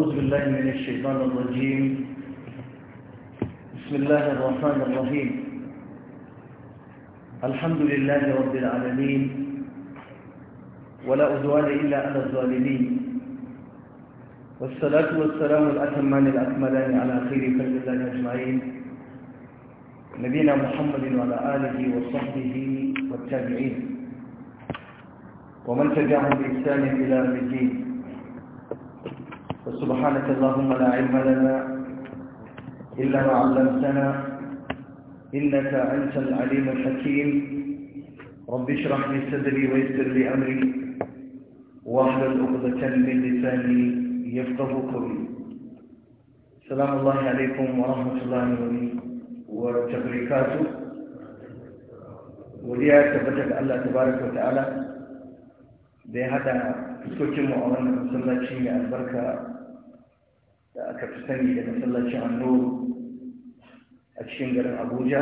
أعوذ بالله من الشيطان الرجيم بسم الله الرحمن الرحيم الحمد لله رب العالمين ولا أدوان إلا على الظالمين والصلاة والسلام الأتمان الأكملان على خير خلق الله أجمعين نبينا محمد وعلى آله وصحبه والتابعين ومن تبعهم بإحسان إلى الدين سبحانك اللهم لا علم لنا إلا ما علمتنا إنك أنت العليم الحكيم رب اشرح لي صدري ويسر لي أمري واحلل عقدة من لساني يفقه قولي سلام الله عليكم ورحمة الله وبركاته وليا تبتك الله تبارك وتعالى بهذا ya hada fuskokinmu a البركة da aka fi sani da masallacin annuru a cikin garin abuja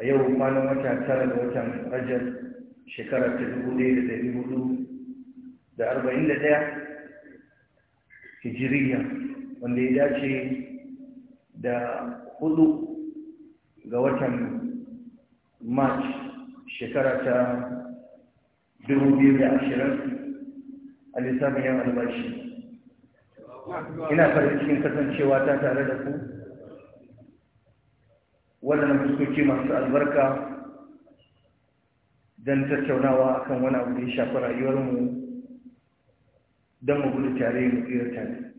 a yau kwanan wata tara da watan Rajar shekarar ta dubu ɗaya da ɗari hudu da arba'in da daya hijiriya wanda ya dace da hudu ga watan march shekara ta dubu biyu da ashirin a lissafin yan albashi ina farin cikin kasancewa ta tare da ku waɗannan fuskoki masu albarka don tattaunawa akan wani abu da ya shafi rayuwarmu don mu gudu tare mu tsira tare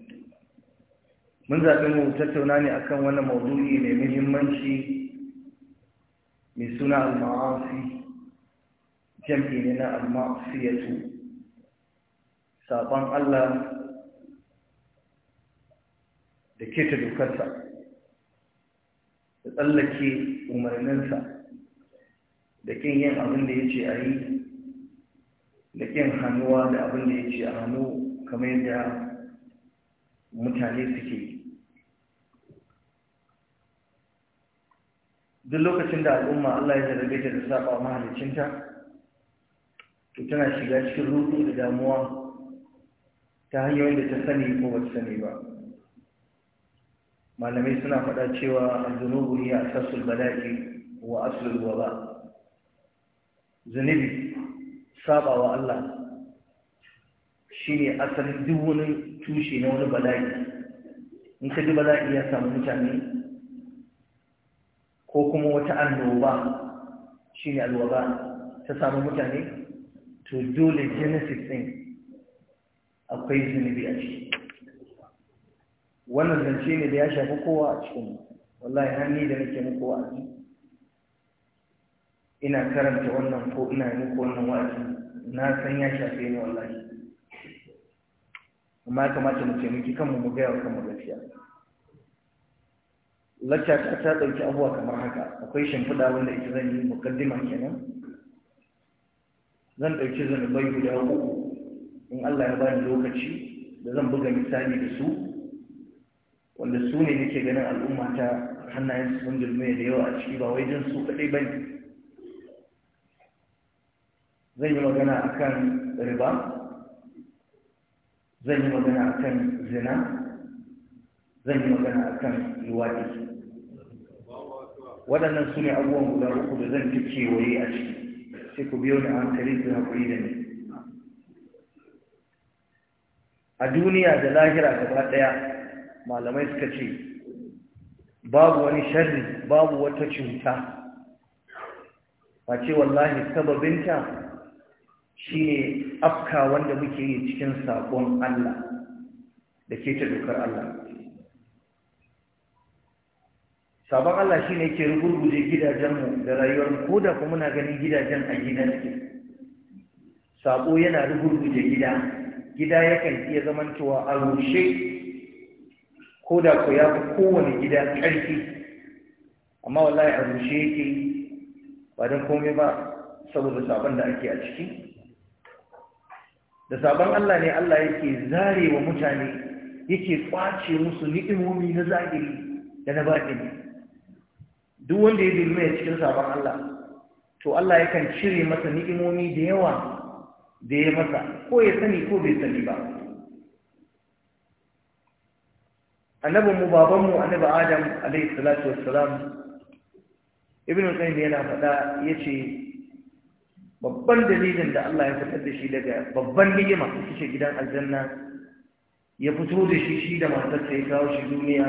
mun zaɓi mu tattauna ne akan wani mawuzuri mai muhimmanci mai suna al-ma'asi jam'i ne na al-ma'asiyatu saban Allah da ke ta dokarsa da tsallake umarninsa da kin yin abin da ya ce a yi da kin hannuwa da abin da ya ce a hannu kamar yadda mutane suke yi duk lokacin da al'umma Allah ya zarabe ta da saba mahalicinta to tana shiga cikin rudu da damuwa ta hanyoyin da ta sani ko ba ta sani ba malamai suna faɗa cewa zunubu hiya asasul bala'i wa aslul waba zunubi wa Allah shine asalin duk wani tushe na wani bala'i in ka ji bala'i ya samu mutane ko kuma wata annoba shine alwaba ta samu mutane to dole genesis din akwai zunubi a ciki wannan zance ne da ya shafi kowa a cikin wallahi har ni da nake muku wa'azi ina karanta wannan ko ina muku wannan wa'azi na san ya shafe ni wallahi amma ya kamata mu taimaki kanmu mu gaya wa kanmu gaskiya lacca ta ta ɗauki abuwa kamar haka akwai shimfiɗa wanda ita zan yi mukaddima kenan zan ɗauki zanubai guda uku in Allah ya bani lokaci da zan buga misali da su wanda su ne nake ganin al'umma ta hannayen sun girme da yawa a ciki ba wai jin su kaɗai ba ne zan yi magana a kan riba zan yi magana a kan zina zan yi magana a kan luwaɗi waɗannan su ne abubuwan guda uku da zan fice waye a ciki sai ku biyo ni a hankali su haƙuri da ni a duniya da lahira gaba ɗaya malamai suka ce babu wani sharri babu wata cuta ce wallahi sababinta shine afka wanda muke yi cikin saƙon Allah da ke ta dokar Allah sabon Allah shi ne ke rugurguje gidajenmu da rayuwar ko da kuma muna ganin gidajen a gidan Saƙo yana rugurguje gida gida yakan iya zamantowa a rushe ko da ku ya fi kowane gida ƙarfi amma wallahi a rushe yake ba don komai ba saboda sabon da ake a ciki da sabon Allah ne Allah yake zare wa mutane yake kwace musu ni'imomi na zahiri da na ne. duk wanda ya dilmaya cikin sabon Allah to Allah yakan cire masa ni'imomi da yawa da ya masa ko ya sani ko bai sani ba annabin mu baban mu annabi adam alayhi salatu wassalam ibnu qayyim yana faɗa yace babban dalilin da Allah ya fitar da shi daga babban ni'ima ita ce gidan aljanna ya fito da shi shi da matarsa ya kawo shi duniya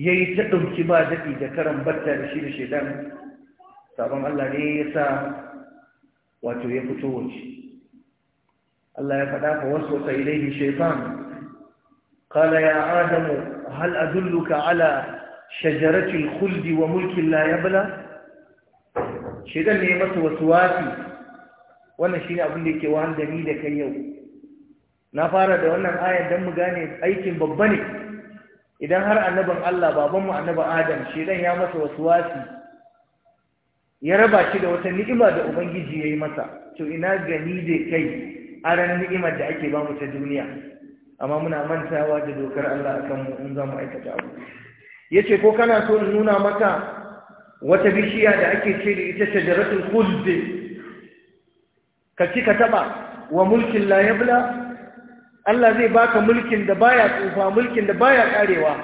ya yi ta ɗauki ba daɗi da karan batta da shi da shaidan sabon Allah ne ya sa wato ya fito wace Allah ya faɗa fa wasu wata ilaihi shaitan قال يا آدم هل أدلك على شجرة الخلد وملك لا يبلى شيدا نعمة وسواتي وانا شيء أقول لك وان دليلك اليوم نفارة وانا آية دم قاني أيكم ببني إذا هر أنبا الله بابم أنبا آدم شيدا نعمة وسواتي يا ربا شيدا da wata ni'ima da Ubangiji ya yi masa, to كي gani da kai بامو ran amma muna mantawa da dokar Allah akan mu in za mu aikata abu yace ko kana so in nuna maka wata bishiya da ake ce da ita shajaratul khuld ka ci ka taba wa mulkin la Allah zai baka mulkin da baya tsufa mulkin da baya karewa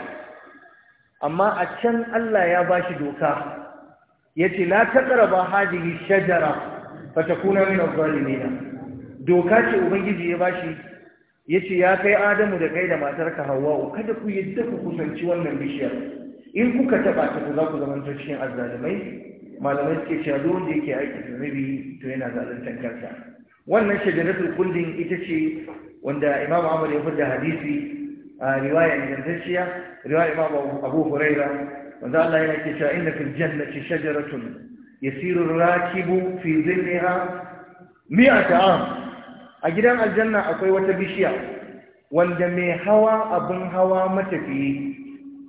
amma a can Allah ya bashi doka yace la taqraba hadhihi shajara fatakuna min adh-dhalimin doka ce ubangiji ya bashi ya ce ya kai adamu da kai da matarka hawa'u kada ku yadda ku kusanci wannan bishiyar in kuka taba ta ku za ku zama cikin azzalimai malamai suke cewa don da yake aiki zunubi to yana zaluntar kansa wannan shajaratul kullin ita ce wanda imam ahmad ya fada hadisi a riwaya ingantacciya riwaya imam abu huraira wanda Allah yana ke cewa inna fil jannati shajaratun yasiru rakibu fi zillaha mi'ata am a gidan aljanna akwai wata bishiya wanda mai hawa abin hawa matafiye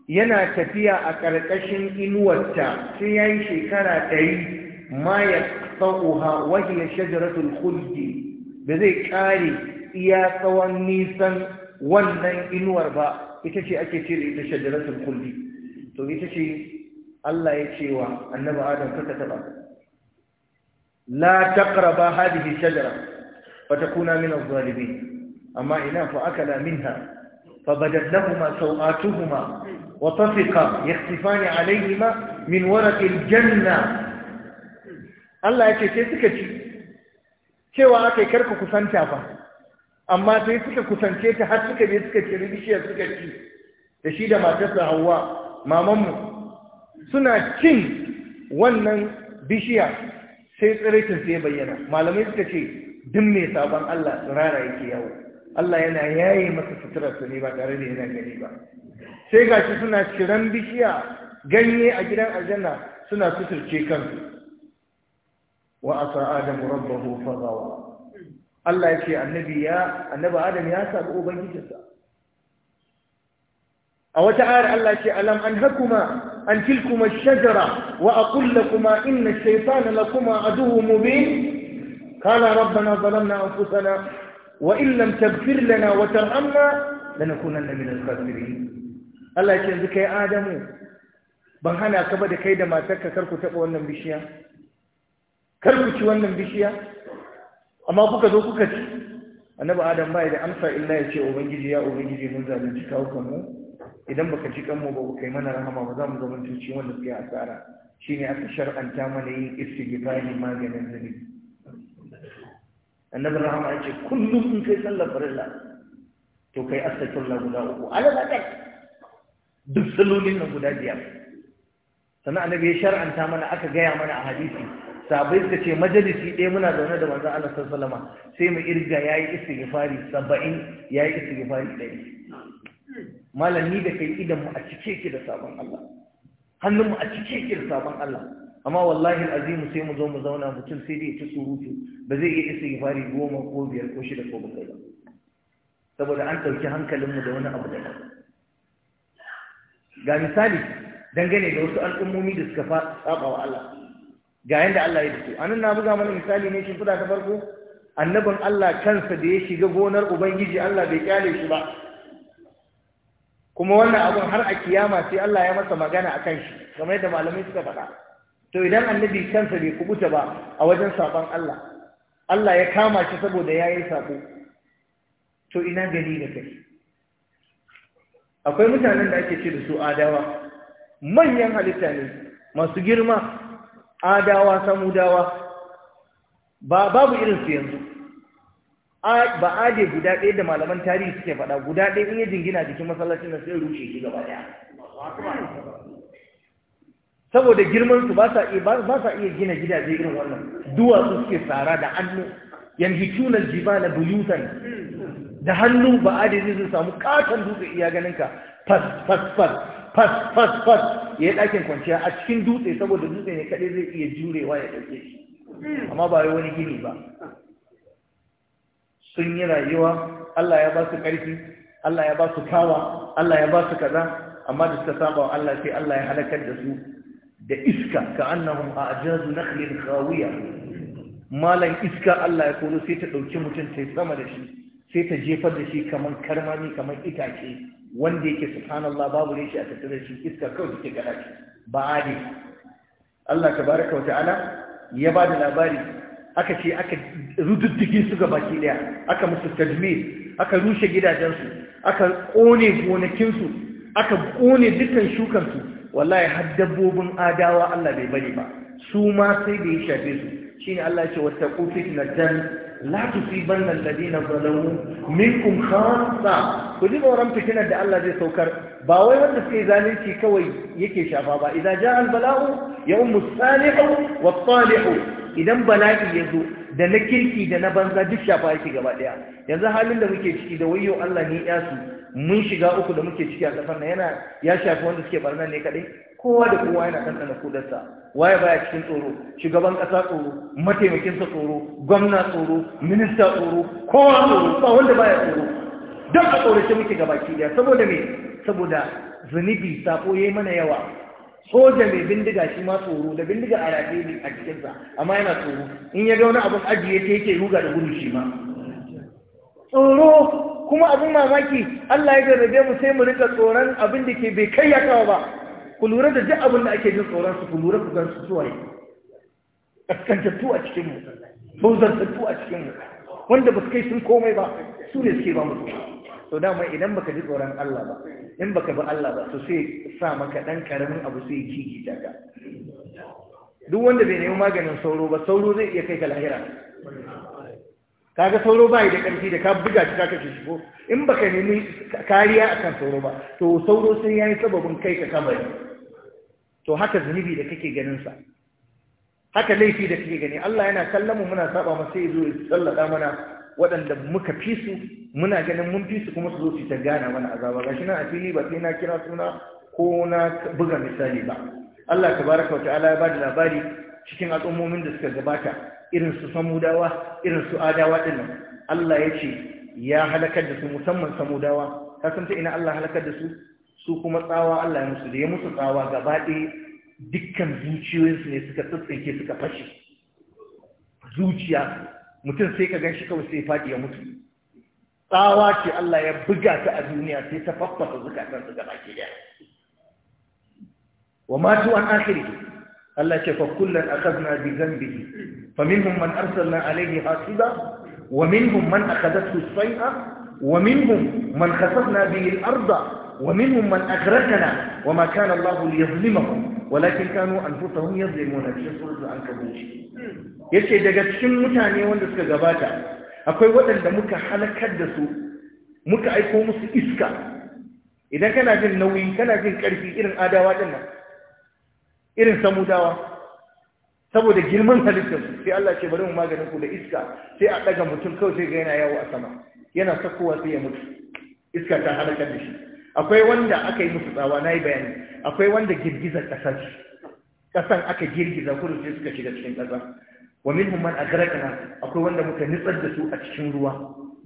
yana tafiya a ƙarƙashin inuwarta sai yi shekara ɗari ma ya tsa'uha wahiyar shajaratul khuldi da zai ƙare iya tsawon nisan wannan inuwar ba ita ce ake cire da ita shajaratul to ita ce Allah ya ce wa annabi Adam ka taɓa la taqraba hadhihi shajara fatakuna min az-zalimin amma ina fa akala minha فبدت لهما سوآتهما وطفقا يختفان عليهما من ورق الجنة الله yake sai suka ci cewa akai karku kusanta fa amma sai suka kusance ta har suka je suka ci bishiyar suka ci da shi da matarsa Hawwa mamanmu suna cin wannan bishiya sai tsiraitin sai bayyana malamai suka ce duk mai sabon Allah tsirara yake yawo Allah yana yaye masa suturarsa ne ba tare da yana gani ba sai ga shi suna ciran bishiya ganye a gidan aljanna suna suturce kansu wa asa adamu rabbahu fagawa Allah yake annabi ya annabi adam ya sabi ubangijinsa a wata ayar Allah ce alam an hakuma an tilkuma shajara wa aqul lakuma inna ash-shaytana lakuma aduwwun mubin قال ربنا ظلمنا أنفسنا وإن لم تغفر لنا وترحمنا لنكونن من الخاسرين Allah ya ce yanzu kai Adamu ban hana ka ba da kai da matarka kar ku taɓa wannan bishiya kar ku ci wannan bishiya amma kuka zo kuka ci annabi Adam bai da amsa illa ya ce ubangiji ya ubangiji mun zalunci kawukan mu idan baka ji kan mu ba kai mana rahama ba za mu zama tuci wanda suke asara shine aka shar'anta mana yin istighfari maganin zunubi annabin rahama ce kullum in kai sallar farilla to kai na guda uku ala zakar duk sallolin na guda biyar sannan annabi ya shar'anta mana aka gaya mana a hadisi sabai suka ce majalisi ɗaya muna zaune da manzon Allah sallallahu sai mu irga yayi istighfari 70 yayi istighfari ɗaya malami da kai idan mu a cike ki da sabon Allah hannun mu a cike ki da sabon Allah amma wallahi azimu sai mu zo mu zauna mutum sai dai ya ci surutu ba zai iya isa gifari goma ko biyar ko shida ko bakwai ba saboda an ɗauki hankalinmu da wani abu da ba ga misali dangane da wasu al'ummomi da suka saba wa Allah ga yanda Allah ya dace anan na buga mana misali ne shi kuda ta farko annabin Allah kansa da ya shiga gonar ubangiji Allah bai kyale shi ba kuma wannan abun har a kiyama sai Allah ya masa magana akan shi kamar yadda malamai suka faɗa to idan annabi kansa bai kubuta ba a wajen saƙon Allah Allah ya kama shi saboda ya yi sabo to ina gani da kai akwai mutanen da ake ce da su adawa manyan halitta ne masu girma adawa samudawa ba babu irinsu yanzu ba ade guda ɗaya da malaman tarihi suke faɗa guda ɗaya in yi jingina jikin masallacin da sai rushe shi gaba ɗaya saboda girman su ba sa iya gina gidaje irin wannan duwatsu suke tsara da hannu yanhituna jibala buyutan da hannu ba adadi su samu katon dutse iya ganin ka fas fas fas fas fas ya yi ɗakin kwanciya a cikin dutse saboda dutse ne kaɗai zai iya jurewa ya ɗauke shi amma ba yi wani gini ba sun yi rayuwa Allah ya ba su ƙarfi Allah ya ba su kawa Allah ya ba su kaza amma da suka saba Allah sai Allah ya halakar da su da iska ka annahum a'jazu nakhlin khawiya malan iska Allah ya kono sai ta dauki mutum sai sama da shi sai ta jefar da shi kaman karmami kaman itace wanda yake subhanallah babu ne a tattare shi iska kawai take gada shi ba ade Allah tabaraka wa ta'ala ya ba da labari aka ce aka rududdige su ga baki daya aka musu tajmir aka rushe gidajensu aka kone gonakinsu aka kone dukkan shukansu wallahi har dabbobin adawa Allah bai bari ba su ma sai da ya shafe su ne Allah ya ce wattaqu fitnatan la tusibanna alladhina zalamu minkum khassa ku ji tsoron fitinar da Allah zai saukar ba wai wanda suke zalunci kawai yake shafa ba idan ja bala'u ya ummu salihu wa salihu idan bala'i ya zo da na kirki da na banza duk shafa yake gaba daya yanzu halin da muke ciki da wayo Allah ne ya su mun shiga uku da muke ciki a kasar nan yana ya shafi wanda suke barna ne kaɗai? kowa da kowa yana ɗanɗana kudarsa waye baya cikin tsoro shugaban ƙasa tsoro mataimakinsa tsoro gwamna tsoro minista tsoro kowa tsoro ba wanda baya tsoro don a tsorace muke gabaki ɗaya saboda me saboda zunubi sako yayi mana yawa soja mai bindiga shi ma tsoro da bindiga a rafe ne a cikinsa amma yana tsoro in ya ga wani abin ajiye ta yake ruga da gudu shi ma tsoro kuma abin mamaki Allah ya jarrabe mu sai mu rika tsoron abin da ke bai kai ya kawo ba ku lura da duk abin da ake jin tsoron su ku lura ku gan su suwaye kaskantattu a cikin mu bauzantattu a cikin mu wanda ba su kai sun komai ba su ne suke ba mu to dama idan baka ji tsoron Allah ba in baka bi Allah ba to sai sa maka dan karamin abu sai ji ta ka duk wanda bai nemi maganin sauro ba sauro zai iya kai ka lahira kaga sauro bayi da ƙarfi da ka buga shi ka ce shi in baka nemi kariya akan sauro ba to sauro sun yayi sababin kai ka kabari to haka zunubi da kake ganin sa haka laifi da kake gani Allah yana kallon muna saba masa sai zo ya sallada mana waɗanda muka fi su muna ganin mun fi su kuma su zo su ta gana mana azaba gashi nan a fili ba sai na kira suna ko na buga misali ba Allah tabaraka wa ta'ala ya bada labari cikin al'ummomin da suka gabata irin su samudawa irin su adawa din Allah ya ce ya halakar da su musamman samudawa Kasance ina Allah halakar da su su kuma tsawa Allah ya musu da ya musu tsawa gaba ɗaya dukkan zuciyoyinsu ne suka tsitsinke suka fashe zuciya mutum sai ka gan shi kawai sai faɗi ya mutu tsawa ce Allah ya buga ta a duniya sai ta faffasa zukatansu gaba ke daya wa matu an akhiri Allah ce fa kullun akhadna bi dhanbihi faminhum man arsalna alayhi hasiba wa minhum man akhadathu as-sayha wa minhum man khasafna bihi al-ardha wa minhum man aghraqna wa ma kana Allahu liyazlimahum walakin kanu anfusahum yazlimuna fi suratul ankabut yace daga cikin mutane wanda suka gabata akwai waɗanda muka halakar da su muka aiko musu iska idan kana jin nauyi kana jin ƙarfi irin adawa ɗin irin samudawa saboda girman halittar sai Allah ce bari mu maganin ku da iska sai a daga mutum kawai sai ga yana yawo a sama yana sakowa sai ya mutu iska ta halaka da shi akwai wanda aka yi musu tsawa na yi bayani akwai wanda girgizar ƙasar ƙasar aka girgiza kudu sai suka shiga cikin ƙasa wa min man agraqna akwai wanda muka nitsar da su a cikin ruwa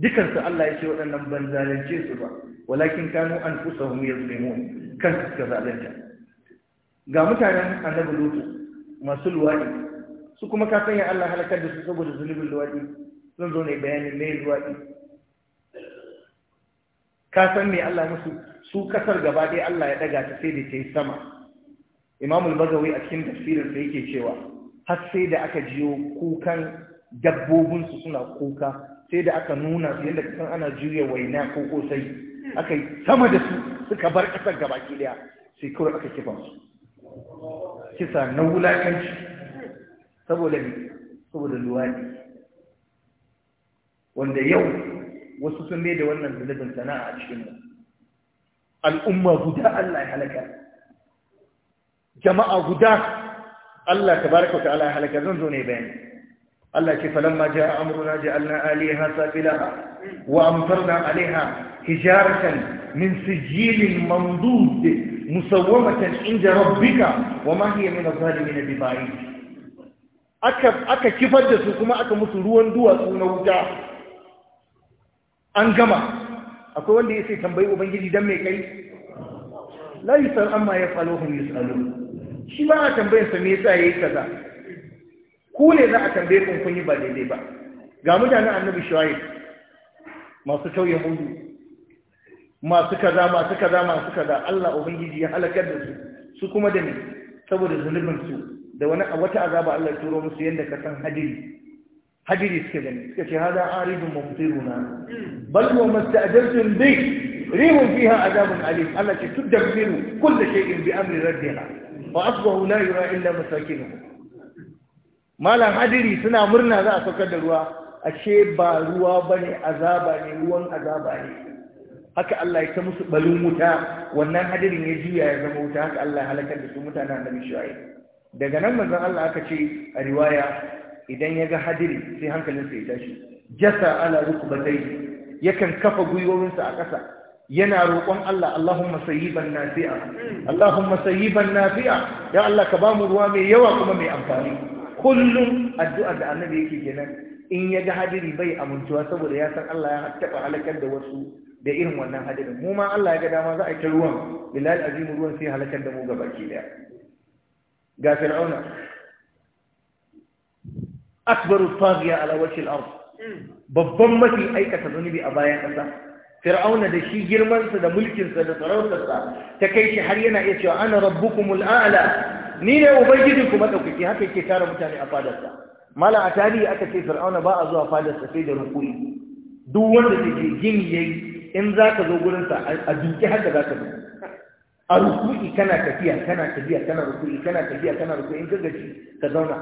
dukansu Allah ya ce waɗannan ban zalunce su ba walakin kanu anfusahum yazlimun kan suka zalunta ga mutanen annabi lutu masu luwaɗi su kuma ka sanya Allah halakar da su saboda zunubin luwaɗi zan zo ne bayanin mai luwaɗi ka san me Allah musu su kasar gaba ɗaya Allah ya ɗaga ta sai da ta yi sama imamul al a cikin tafsirin sa yake cewa har sai da aka jiyo kukan dabbobinsu suna kuka sai da aka nuna su yadda kasan ana juya waina ko kosai aka yi sama da su suka bar ƙasar gaba ɗaya sai kawai aka kifa su kisa na wulakanci saboda saboda luwadi wanda yau wasu sun ne da wannan zunubin sana'a a cikin al'umma guda Allah ya halaka jama'a guda Allah tabaraka wa ta'ala ya halaka zan zo ne bayani Allah ce falamma jaa amruna ja'alna aliha safilaha wa amtarna alaiha hijaratan min sijilin mandud musawwamatan inda rabbika wa ma hiya min adh-dhalimin aka aka kifar da su kuma aka musu ruwan duwatsu na wuta an gama akwai wanda yake tambayi ubangiji dan me kai la yusal amma yaf'aluhum yusalun shi ba a tambayar sa me yasa yayi kaza ku ne za a tambaye kun kun yi ba daidai ba ga mutanen annabi shuaib masu tauye hudu masu kaza masu kaza masu kaza Allah ubangiji ya halakar da su su kuma da ni saboda zunubin su da wani a wata azaba Allah turo musu yanda ka san hadiri hadiri suke gani suka ce hada aridun mumtiruna bal huwa masta'jaltum bi rihun fiha azabun alim Allah ce tudabbiru kullu shay'in bi amri rabbiha wa asbahu la yura illa masakinu malam hadiri suna murna za a saukar da ruwa ashe ba ruwa bane azaba ne ruwan azaba ne haka Allah ya ta musu balin wuta wannan hadirin ya juya ya zama wuta haka Allah ya halakar da su mutanen annabi shu'aib daga nan manzon Allah aka ce a riwaya idan ya ga hadiri sai sa ya tashi jasa ala rukbatai yakan kafa gwiwowinsa a ƙasa yana roƙon Allah Allahumma sayyiban nafi'a Allahumma sayyiban nafi'a ya Allah ka bamu ruwa mai yawa kuma mai amfani kullum addu'a da annabi yake kenan in ya ga hadiri bai amintuwa saboda ya san Allah ya taɓa halakar da wasu da irin wannan hadirin mu ma Allah ya ga dama za a ta ruwan billahi azim ruwan sai halakar da mu ga baki daya ga fir'auna akbaru tagiya ala wajhi al-ard babban mafi aikata zunubi a bayan ƙasa fir'auna da shi girman sa da mulkin sa da sarautar sa ta kai shi har yana iya cewa ana rabbukumul a'la ni ne ubangiji kuma daukaki haka yake tara mutane a fadar sa mala a tarihi aka ce fir'auna ba a zuwa fadar sa sai da rukuni duk wanda take gini yayi in za ka zo gurinsa a duki haka za ka zo a ruku'i kana tafiya kana tafiya kana ruku'i kana tafiya kana ruku'i in ka gaji ka zauna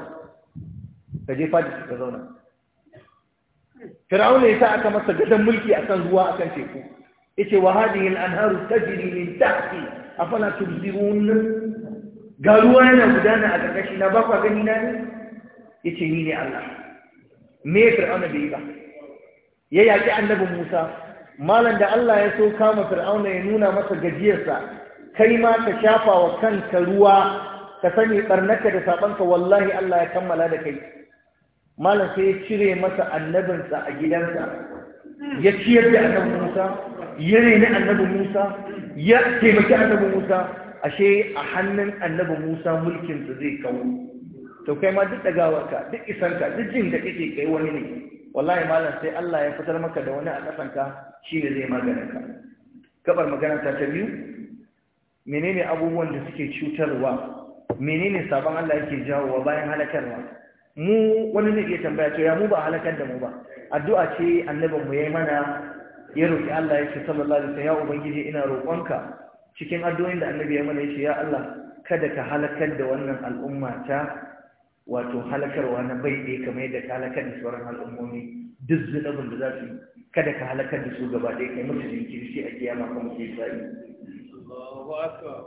ka je fadi ka zauna fir'auna ya sa aka masa gadon mulki akan ruwa akan teku yace wa hadhihi al-anharu tajri min tahti afala tubsirun ga ruwa yana gudana a ƙarƙashi na ba gani na ne yace ni ne Allah me fir'auna bai yi ba ya yaƙi annabi Musa malam da Allah ya so kama fir'auna ya nuna masa gajiyarsa kai ma ka shafa wa kanka ruwa ka sani barnaka da sabanka wallahi Allah ya kammala da kai malam sai ya cire masa annabinsa a gidansa ya ciyar da annabi Musa ya reni annabi Musa ya taimaki annabi Musa ashe a hannun annabi Musa mulkin su zai kawo to kai ma duk dagawarka duk isanka duk jin da kake kai wani ne wallahi malam sai Allah ya fitar maka da wani a kasanka shi ne zai magana ka gabar magana ta biyu menene abubuwan da suke cutarwa menene sabon Allah yake jawowa bayan halakarwa mu wani ne ke tambaya to ya mu ba halakar da mu ba addu'a ce annabin mu ya mana ya roki Allah yake sallallahu alaihi wasallam ya ubangiji ina roƙonka cikin addu'o'in da annabi ya mana ce ya Allah kada ka halakar da wannan al'umma ta wato halakarwa na bai ɗaya kamar yadda ka halakar da sauran al'ummomi duk zunubin da za su yi kada ka halakar da su gaba ɗaya kai musu jinkiri sai a kiyama kuma sai sai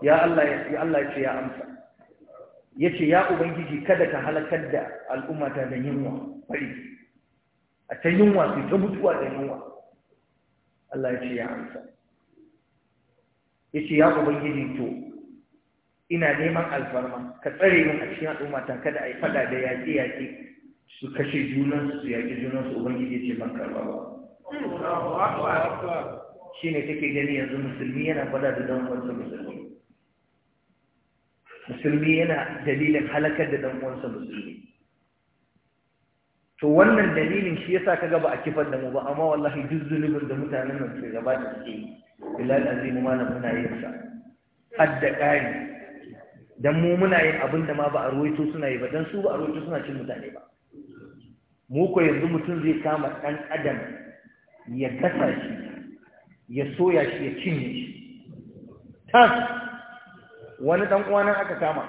ya Allah ya Allah ce ya amsa yace ya ubangiji kada ka halakar da al'umma ta da yunwa bari a ta yunwa su ta mutuwa da yunwa Allah ya ce ya amsa yace ya ubangiji to ina neman alfarma ka tsare min a cikin al'umma ta kada a yi fada da yaƙe-yaƙe su kashe junansu su yaƙi junansu ubangiji ce ban karɓa ba shi ne take gani yanzu musulmi yana kwada da dan uwansa musulmi musulmi yana dalilin halakar da dan uwansa musulmi to wannan dalilin shi yasa kaga ba a kifar da mu ba amma wallahi duk zulubin da mutanen nan sai gaba da suke yi zai azimu ma muna yin sa hadda ƙari dan mu muna yin abin da ma ba a ruwaito suna yi ba dan su ba a ruwaito suna cin mutane ba mu ko yanzu mutum zai kama dan adam ya gasa shi ya soya shi ya cinye shi tas wani dan uwana aka kama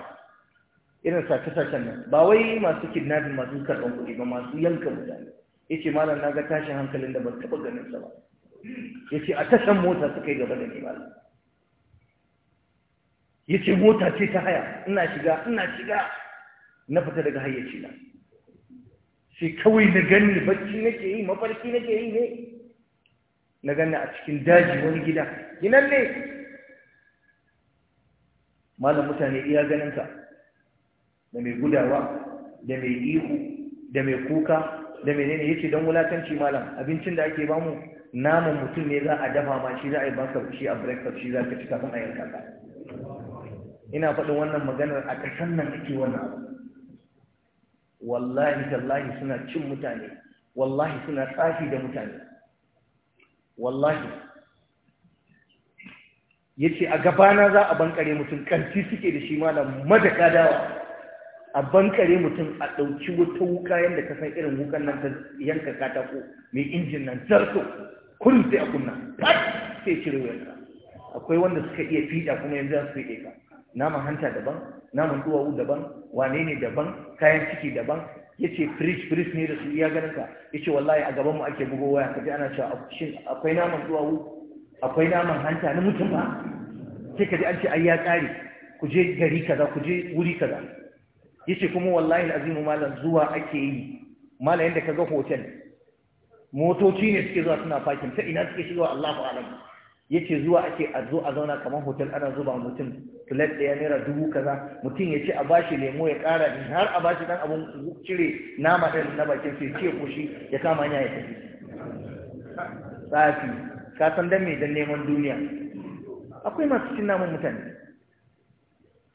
irin sace-sacen nan ba wai masu kidnapping masu karɓar kuɗi ba masu yanka mutane yace malam na ga tashin hankalin da ban taɓa ganin sa ba yace a tashan mota suka yi gaba da ni malam yace mota ce ta haya ina shiga ina shiga na fita daga hayyaci na sai kawai na gani bacci nake yi mafarki nake yi ne na ganna a cikin daji wani gida ginan ne malam mutane iya ganinka da mai gudawa da mai ihu da mai kuka da mai menene yace dan wulakanci malam abincin da ake bamu naman mutum ne za a dafa ma shi za a yi baka shi a breakfast shi za ka ci kafin a yanka ka ina faɗin wannan maganar a ƙasar nan ake wannan wallahi tallahi suna cin mutane wallahi suna tsafi da mutane wallahi yace ce a gabana za a bankare mutum kanti suke da shi malam madaka dawa a bankare mutum a ɗauki wata wuka yanda ka san irin wukan nan ta yanka katako mai injin nan zarto kurin sai a kunna sai cire wuka akwai wanda suka iya fiɗa kuma yanzu su fiɗe ka naman hanta daban naman duwawu daban wane ne daban kayan ciki daban ya ce firish firish ne da su iya ganin ka ya ce wallahi a gabanmu ake bugo waya kaji ana cewa shin akwai naman duwawu akwai naman hanta na mutum ba sai kaji an ce ai ya kare ku je gari kaza ku je wuri kaza ya ce kuma wallahi azimu malam zuwa ake yi malam yadda ka ga hotel motoci ne suke zuwa suna fakin ta ina suke shigowa Allahu alam yace zuwa ake a zo a zauna kamar hotel ana zuba mutum plate ɗaya naira dubu kaza mutum ya ce a bashi lemo ya ƙara ne har a bashi dan abun cire nama ɗin na bakin sai ce koshi ya kama hanya ya tafi tsafi ka san dan me dan neman duniya akwai masu cin namun mutane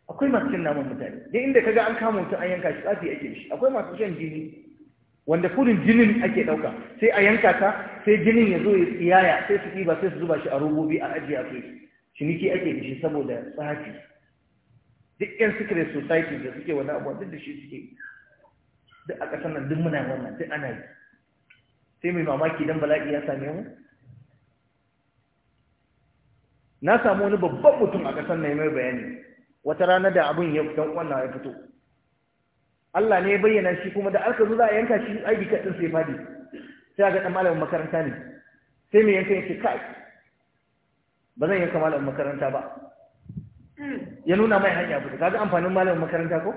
akwai masu cin namun mutane dai inda kaga an kama mutum an yanka shi tsafi ake shi akwai masu shan jini wanda furin jinin ake ɗauka sai a yanka ta sai jinin ya zo ya sai su ba sai su zuba shi a robobi a ajiye a kai ciniki ake da shi saboda tsafi duk yan secret society da suke wani abuwa duk da shi suke duk a ƙasar nan duk muna wannan duk ana yi sai mai mamaki dan bala'i ya same mu na samu wani babban mutum a ƙasar nan mai bayani wata rana da abin ya kan wannan ya fito Allah ne ya bayyana shi kuma da aka zo za a yanka shi ai bikat din sai fadi sai ga dan malamin makaranta ne sai mai yanka yake kai ba zan yanka malamin makaranta ba ya nuna mai hanya ka kaga amfanin malamin makaranta ko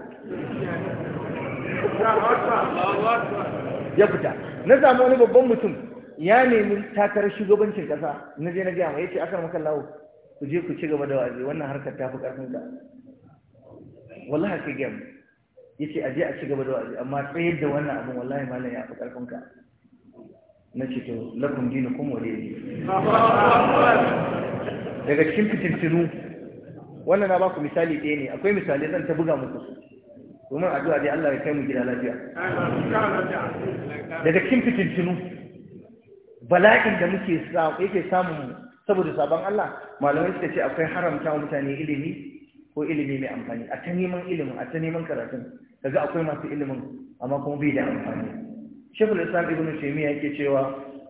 ya fita na samu wani babban mutum ya nemi takarar shugabancin kasa na je na gaya ma yace akar maka lawo ku je ku ci gaba da wazi wannan harkar ta fi karfin ka wallahi sai gaya yake aje a ci gaba da wa'azi amma tsayar da wannan abin wallahi malam ya fi karfin ka na ce to lakum kum wa dini daga cikin fitintinu wannan na baku misali ɗaya ne akwai misali zan ta buga muku domin addu'a dai Allah ya kai mu gida lafiya daga cikin fitintinu bala'in da muke yake samun saboda sabon Allah malamai suka ce akwai haramta mutane ilimi ko ilimi mai amfani a ta neman ilimin a ta neman karatun kaga akwai masu ilimin amma kuma bai da amfani shekul islam ibn taymiya yake cewa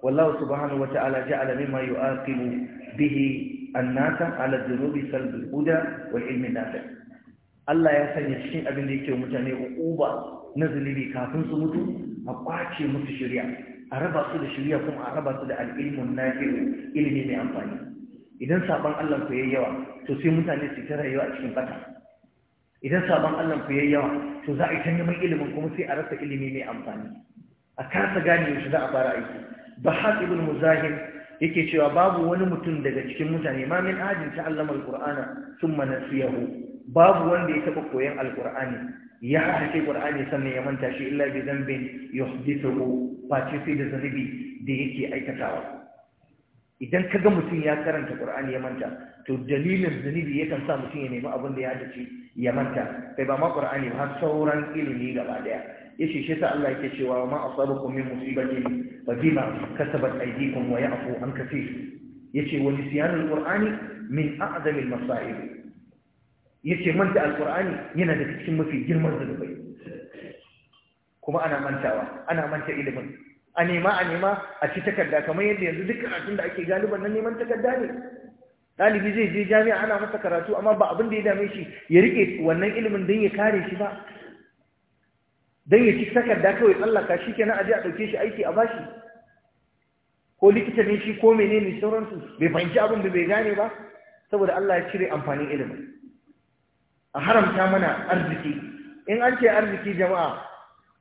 wallahu subhanahu wa ta'ala ja'ala mimma yu'aqibu bihi annasa ala dhunubi salb huda wal ilmi nafi Allah ya sanya cikin abin da yake mutane uba na zulubi kafin su mutu a kwace musu shari'a a raba su da shari'a kuma a raba su da al nafi ilimi mai amfani idan saban Allah ku yawa to sai mutane su ta rayuwa a cikin bata idan sabon Allah ku yayi yawa to za a yi ta neman ilimin kuma sai a rasa ilimi mai amfani a kasa gane yaushe za a fara aiki bahad ibn muzahim yake cewa babu wani mutum daga cikin mutane ma min ajin ta'allama alqur'ana thumma nasiyahu babu wanda ya taba koyan alqur'ani ya hake qur'ani sannan ya manta shi illa bi dhanbin yuhdithuhu fa ce sai da zanibi da yake aikatawa idan ka ga mutum ya karanta Qur'ani ya manta to dalilin zunubi yakan sa mutum ya nemi abin da ya dace ya manta sai ba ma Qur'ani ba har sauran ilimi gaba daya yace shi sa Allah yake cewa ma asabakum min musibatin fa bima kasabat aydikum wa ya'fu an kaseer yace wani nisyanul qur'ani min a'zami al-masa'ib yace manta al-qur'ani yana da cikin mafi girman zunubai kuma ana mantawa ana manta ilimin a nema a nema a ci takarda kamar yadda yanzu duk karatun da ake galiban na neman takarda ne ɗalibi zai je jami'a ana masa karatu amma ba abin da ya dame shi ya rike wannan ilimin don ya kare shi ba don ya ci takarda kawai tsallaka shi kenan a aje a ɗauke shi aiki a bashi ko likita ne shi ko menene sauransu bai fahimci abin da bai gane ba saboda Allah ya cire amfanin ilimin a haramta mana arziki in an ce arziki jama'a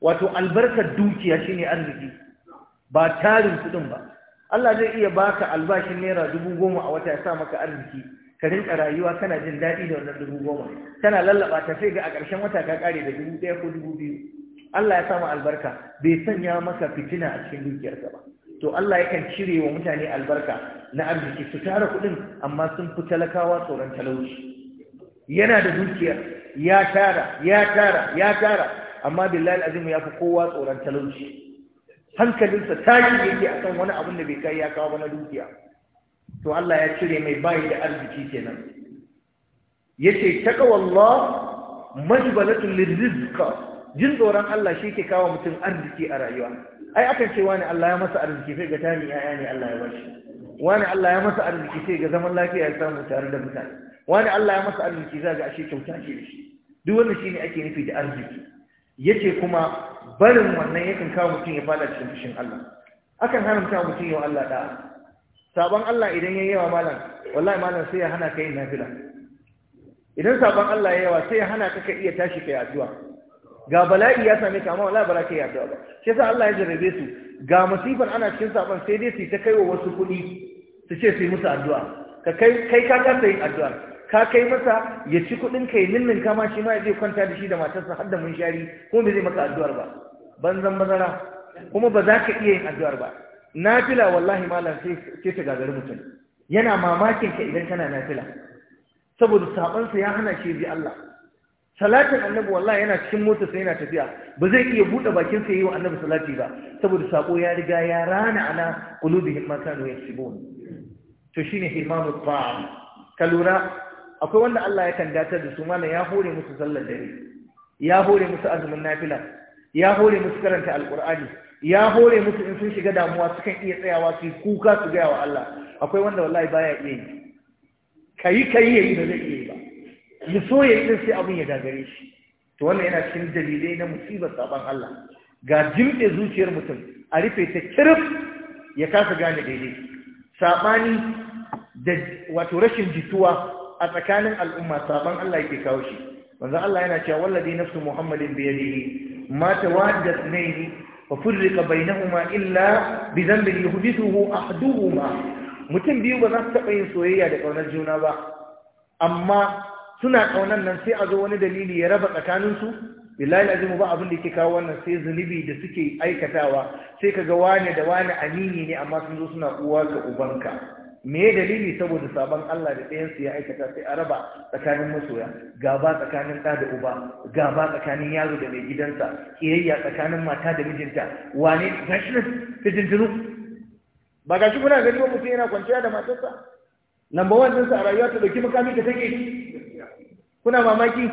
wato albarkar dukiya shine arziki ba tarin kuɗin ba Allah zai iya baka albashin naira dubu goma a wata ya sa maka arziki ka rinka rayuwa kana jin daɗi da wannan dubu goma kana lallaba ta sai ga a ƙarshen wata ka kare da dubu ɗaya ko dubu biyu Allah ya samu albarka bai sanya maka fitina a cikin dukiyarka ba to Allah yakan cire wa mutane albarka na arziki su tara kuɗin amma sun fi talakawa tsoron talauci yana da dukiyar ya tara ya tara ya tara amma billahi alazim ya fi kowa tsoron talauci hankalinsa tashi yake akan wani abin da bai kai ya kawo na dukiya to Allah ya cire mai bayi da arziki kenan yace taqwallah majbalatun lirizqa jin tsoron Allah shi ke kawo mutum arziki a rayuwa ai akan ce wani Allah ya masa arziki sai ga tani ya ne Allah ya bashi wani Allah ya masa arziki sai ga zaman lafiya ya samu tare da mutane wani Allah ya masa arziki za ga ashe kyauta ce da shi duk wannan shine ake nufi da arziki yace kuma barin wannan yakan kawo mutum ya fada cikin fushin Allah akan haramta mutum yau Allah da saban Allah idan yayi yawa malam wallahi malam sai ya hana ka nafila idan saban Allah ya yawa sai ya hana ka ka iya tashi kai addu'a ga bala'i ya same ka amma wallahi baraka ya ka yi addu'a ba shi yasa Allah ya jarrabe su ga musibar ana cikin saban sai dai su ta kai wa wasu kuɗi su ce su yi musu addu'a ka kai kai ka kanta yin addu'a ka kai masa ya ci kuɗin kai, ya ninnin kama shi ma ya zai kwanta da shi da matarsa har da mun shari kuma bai zai maka addu'ar ba banzan bazara kuma ba za ka iya yin addu'ar ba nafila wallahi malam sai sai ta gagari mutum yana mamakin ka idan kana nafila saboda sa ya hana shi bi Allah salatin annabi wallahi yana cikin mota sai yana tafiya ba zai iya bude bakin sa yi wa annabi salati ba saboda sako ya riga ya rana ana qulubihim ma kanu yaksubun to shine himamu ta'am ka lura akwai wanda Allah ya datar da su mana ya hore musu sallar dare ya hore musu azumin nafila ya hore musu karanta alqur'ani ya hore musu in sun shiga damuwa sukan iya tsayawa su kuka su gaya wa Allah akwai wanda wallahi baya iya yi kayi kai yayi da zai iya yi ba ya so ya yi sai abin ya gagare shi to wannan yana cikin dalilai na musibar saban Allah ga jimɗe zuciyar mutum a rufe ta kirif ya kasa gane daidai saɓani da wato rashin jituwa a tsakanin al'umma saban Allah yake kawo shi manzo Allah yana cewa wallazi nafsu muhammadin bi yadihi ma tawaddat ilayhi wa furriqa bainahuma illa bi dhanbin yuhdithuhu ahduhuma mutum biyu ba za su taɓa yin soyayya da ƙaunar juna ba amma suna ƙaunar nan sai a zo wani dalili ya raba tsakaninsu billahi azimu ba abin da yake kawo wannan sai zunubi da suke aikatawa sai kaga wane da wane amini ne amma sun zo suna uwa ga ubanka me dalili saboda sabon Allah da ɗayansu ya aikata sai a raba tsakanin masoya gaba tsakanin ɗa da uba gaba tsakanin yaro da mai gidansa kiyayya tsakanin mata da mijinta wane gashi nan fitintinu ba gashi kuna gani ba mutum yana kwanciya da matarsa lamba wannan sa a rayuwa ta dauki makami ta take kuna mamaki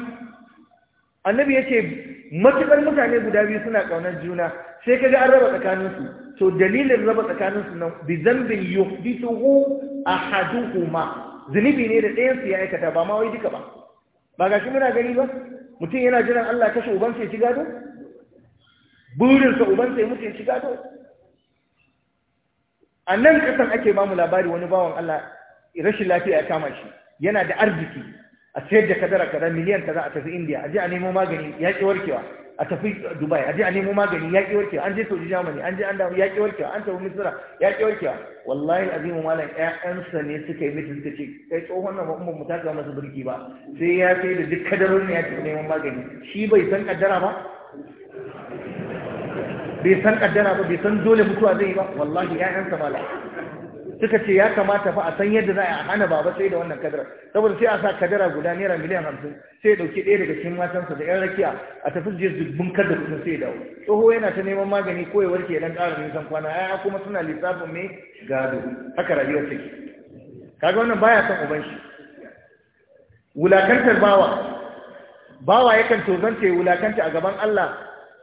annabi ce matuƙar mutane guda biyu suna ƙaunar juna sai ga an raba tsakaninsu to dalilin raba tsakanin su nan bi zambin yuhdithuhu ahaduhuma zunubi ne da ɗayan su ya aikata ba ma wai duka ba ba ga shi muna gani ba mutum yana jiran Allah kashe ubansa ya ci gado uban ubansa ya mutu ya ci gado a kasan ake ba mu labari wani bawan Allah rashin lafiya ya kama shi yana da arziki a sayar da kadara kadara miliyan kaza a tafi indiya a je a nemo magani ya ki warkewa a tafi dubai a je a nemo magani ya ƙi warkewa an je saudi germany an je an damu ya ƙi warkewa an tafi misira ya ƙi warkewa wallahi azimu malam ƴaƴansa ne suka yi mutum suka ce kai tsohon nan ba mu taka masa birki ba sai ya kai da duk kadarorin ya tafi neman magani shi bai san kaddara ba bai san kaddara ba bai san dole mutuwa zai yi ba wallahi ƴaƴansa malam suka ce ya kamata fa a san yadda za a hana baba sai da wannan kadara saboda sai a sa kadara guda naira miliyan hamsin sai ya ɗaya daga cikin matansa da 'yan rakiya a tafi jiya dubbin bunkar sai ya dawo tsoho yana ta neman magani ko ya warke dan ƙara nisan kwana ya kuma suna lissafin mai gado haka rayuwar take kaga wannan baya son uban shi wulakantar bawa bawa yakan tozanta ya wulakanta a gaban Allah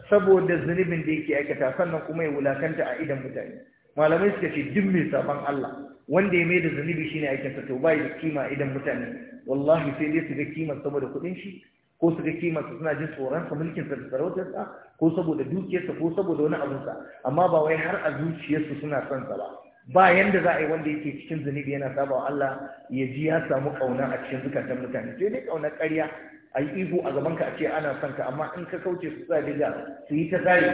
saboda zunubin da yake aikata sannan kuma ya wulakanta a idan mutane malamai suka ce duk mai saban Allah wanda ya mai da zunubi shi ne aikinsa, to bai da kima idan mutane wallahi sai dai su ga kima saboda kuɗin shi ko su ga kima su suna jin tsoron sa mulkin sa da sarautar sa ko saboda dukiyar ko saboda wani abun sa amma ba wai har a zuciyarsu suna son sa ba ba yanda za a yi wanda yake cikin zunubi yana saba wa Allah ya ji ya samu kauna a cikin zukatan mutane sai dai kauna ƙarya a yi ihu a gaban ka a ce ana son ka amma in ka kauce su sa diga su yi ta tsari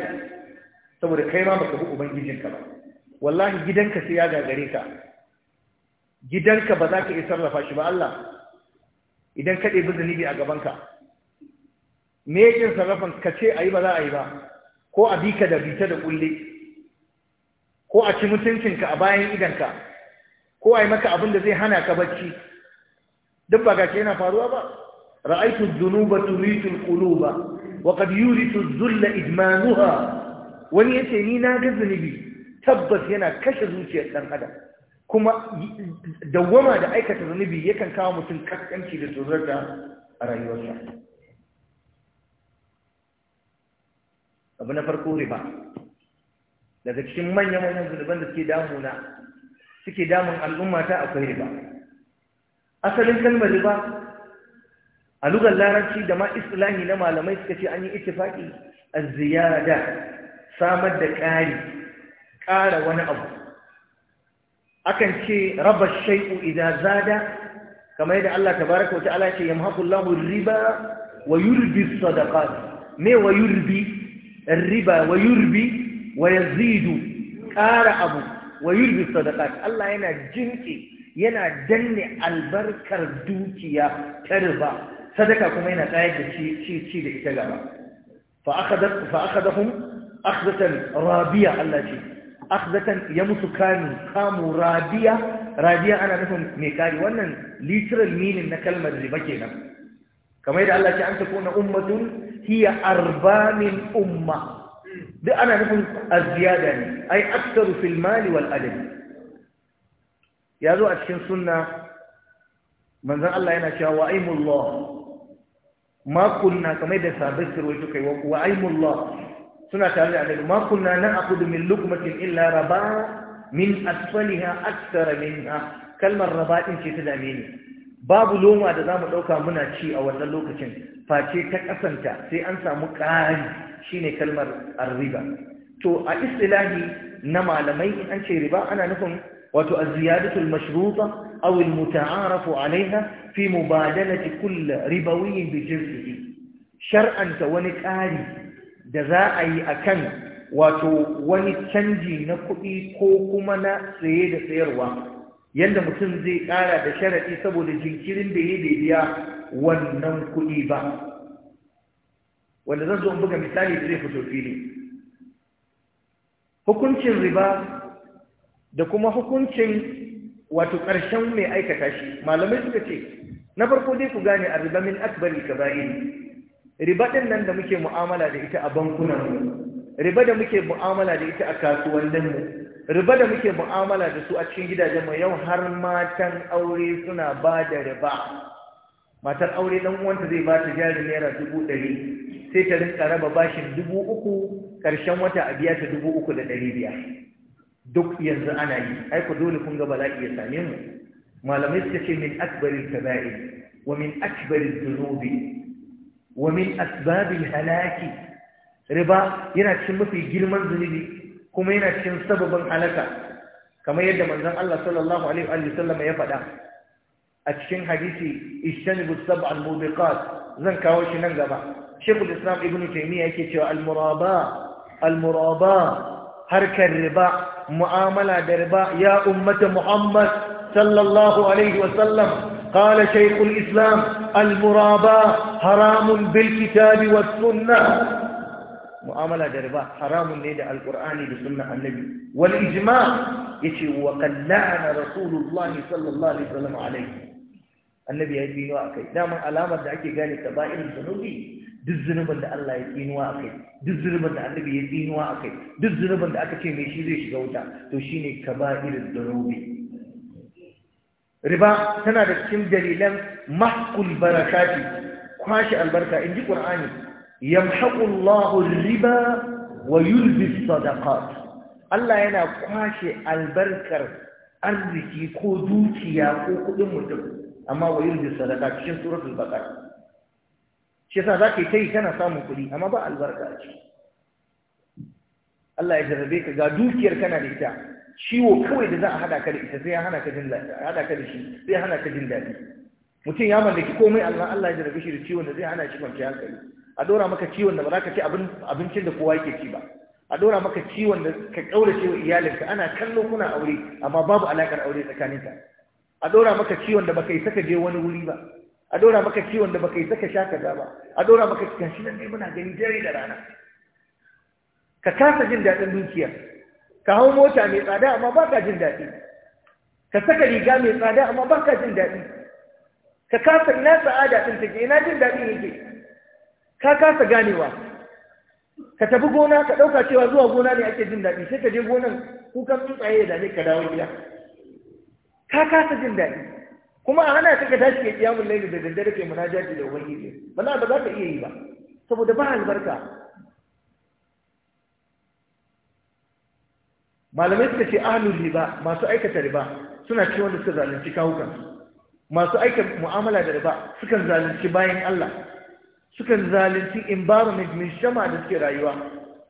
saboda kai ma baka bi ubangijinka ba wallahi gidanka sai ya gagare ka gidanka ba za ka iya sarrafa shi ba Allah idan ka ɗebi zunubi a gabanka me yakin sarrafan ka ce a yi ba za a yi ba ko a bi ka da bita da ƙulle? ko a ci mutuncinka a bayan idanka ko a yi maka abin da zai hana ka bacci duk ba ga yana faruwa ba ra'aitu dhunuba turitu alquluba wa qad yuritu dhulla idmanuha wani yace ni na ga zunubi tabbas yana kashe zuciyar ɗan adam kuma dawwama da aikata zunubi yakan kawo mutum kaskanci da da a rayuwarsa abu na farko riba daga cikin manyan manyan zunuban da suke damuna suke damun al'umma ta akwai riba asalin kalmar riba a lugar larabci da ma Islami na malamai suka ce an yi ittifaki a ziyara samar da ƙari ƙara wani abu akan ce raba shai'u idan zada kamar yadda Allah tabaraka wata'ala ce yamhaqullahu riba wa yurbi sadaqat me wa yurbi riba wa yurbi wa yazidu ƙara abu wa yurbi Allah yana jinƙe, yana danne albarkar dukiya ta riba sadaka kuma yana tsayar da ci da ita gaba fa akhadahum akhdatan rabiya Allah ce akhdatan ya musu kami kamu radiya radiya ana nufin mai kari wannan literal meaning na kalmar riba kenan kamar da Allah ya an takuna ummatun hiya arba min umma duk ana nufin aziyada ne ai aktaru fil mali wal ya zo a cikin sunna manzon Allah yana cewa wa'imullah ma kunna kamar da sabis ruwaito kai wa'imullah suna tare da annabi ma kunna na'khudhu min luqmatin illa raba min asfaliha akthar minha kalmar raba din ce ta dame ni babu loma da zamu dauka muna ci a wannan lokacin face ta kasanta sai an samu ƙari shine kalmar arriba to a istilahi na malamai in an ce riba ana nufin wato az-ziyadatu al-mashruta أو المتعارف عليها في مبادلة كل ربوي بجزئه wani ƙari. da za a yi a kan wato wani canji na kuɗi ko kuma na tsaye da tsayarwa yadda mutum zai ƙara da sharaɗi saboda jinkirin da ya biya wannan kuɗi ba wanda zan zo buga misali da zai fito fili hukuncin riba da kuma hukuncin wato ƙarshen mai aikata shi malamai suka ce na farko dai ku gane a riba min akbari kaba'in riba ɗin nan da muke mu'amala da ita a bankunan mu riba da muke mu'amala da ita a kasuwannin mu riba da muke mu'amala da su a cikin gidajen mu yau har matan aure suna ba da riba matar aure ɗan uwanta zai ba ta jari naira dubu ɗari sai ta rinka raba bashin dubu uku ƙarshen wata a biya ta dubu uku da ɗari biyar duk yanzu ana yi aiko dole kun ga bala'i ya same mu malamai suka ce min akbarin taba'i wa min akbarin zunubi wa min asbabil halaki riba yana cikin mafi girman zunubi kuma yana cikin sababin halaka kamar yadda manzon Allah sallallahu alaihi wa sallam ya faɗa a cikin hadisi ijtanibu sab'al mubiqat zan kawo shi nan gaba shekul islam ibnu taymiya yake cewa al muraba al muraba harkar riba mu'amala da riba ya ummata muhammad sallallahu alaihi wa sallam qala shaykhul islam المرابا حرام بالكتاب والسنة معاملة دربا حرام لدى القرآن والسنة النبي والإجماع يشي وقد لعن رسول الله صلى الله عليه وسلم عليه النبي يدين واقعي دائما علامة دعكي قال كبائر الذنوبي duk zunubin da Allah ya tsinuwa a kai duk zunubin da annabi ya tsinuwa a kai duk zunubin da aka ce mai shi zai shiga wuta to shine kaba'irul dhunubi riba tana da cikin dalilan mahkul barakati kwashi albarka inji qur'ani yamhaqu Allahu riba wa yulbi sadaqat Allah yana kwashe albarkar arziki ko dukiya ko kudin mutum amma wa yulbi sadaqat cikin suratul baqara shi yasa zaka yi kana samun kudi amma ba albarka a ciki Allah ya jarrabe ka ga dukiyar kana da ita ciwo kawai da za a hada ka da ita sai ya hana ka jin hada ka da shi sai hana ka jin daɗi mutum ya mallaki komai Allah Allah ya jarabe shi da ciwon da zai hana shi kwanciya hankali a dora maka ciwon da ba za ka ci abincin da kowa yake ci ba a dora maka ciwon da ka kaurace wa iyalinka ana kallo kuna aure amma babu alakar aure ka a dora maka ciwon da baka yi saka je wani wuri ba a dora maka ciwon da baka yi saka sha kaza ba a dora maka shi nan dai muna gani dare da rana ka kasa jin daɗin dukiyar ka hau mota mai tsada amma ba ka jin daɗi ka saka riga mai tsada amma ba ka jin daɗi ka kasa ina sa'ada ɗin take ina jin daɗi yake ka kasa ganewa ka tafi gona ka ɗauka cewa zuwa gona ne ake jin daɗi sai ka je gonan kukan tsuntsaye ya dame ka dawo gida ka kasa jin daɗi kuma a hana ka ka tashi ke kiyamun laili da daddare ke munajaji da ubangiji wallahi ba za ka iya yi ba saboda ba albarka malamai suka ce ahlul riba masu aikata riba suna ciwon wanda suka zalunci kawukan masu aika mu'amala da riba sukan zalunci bayan Allah sukan zalunci environment min shama da suke rayuwa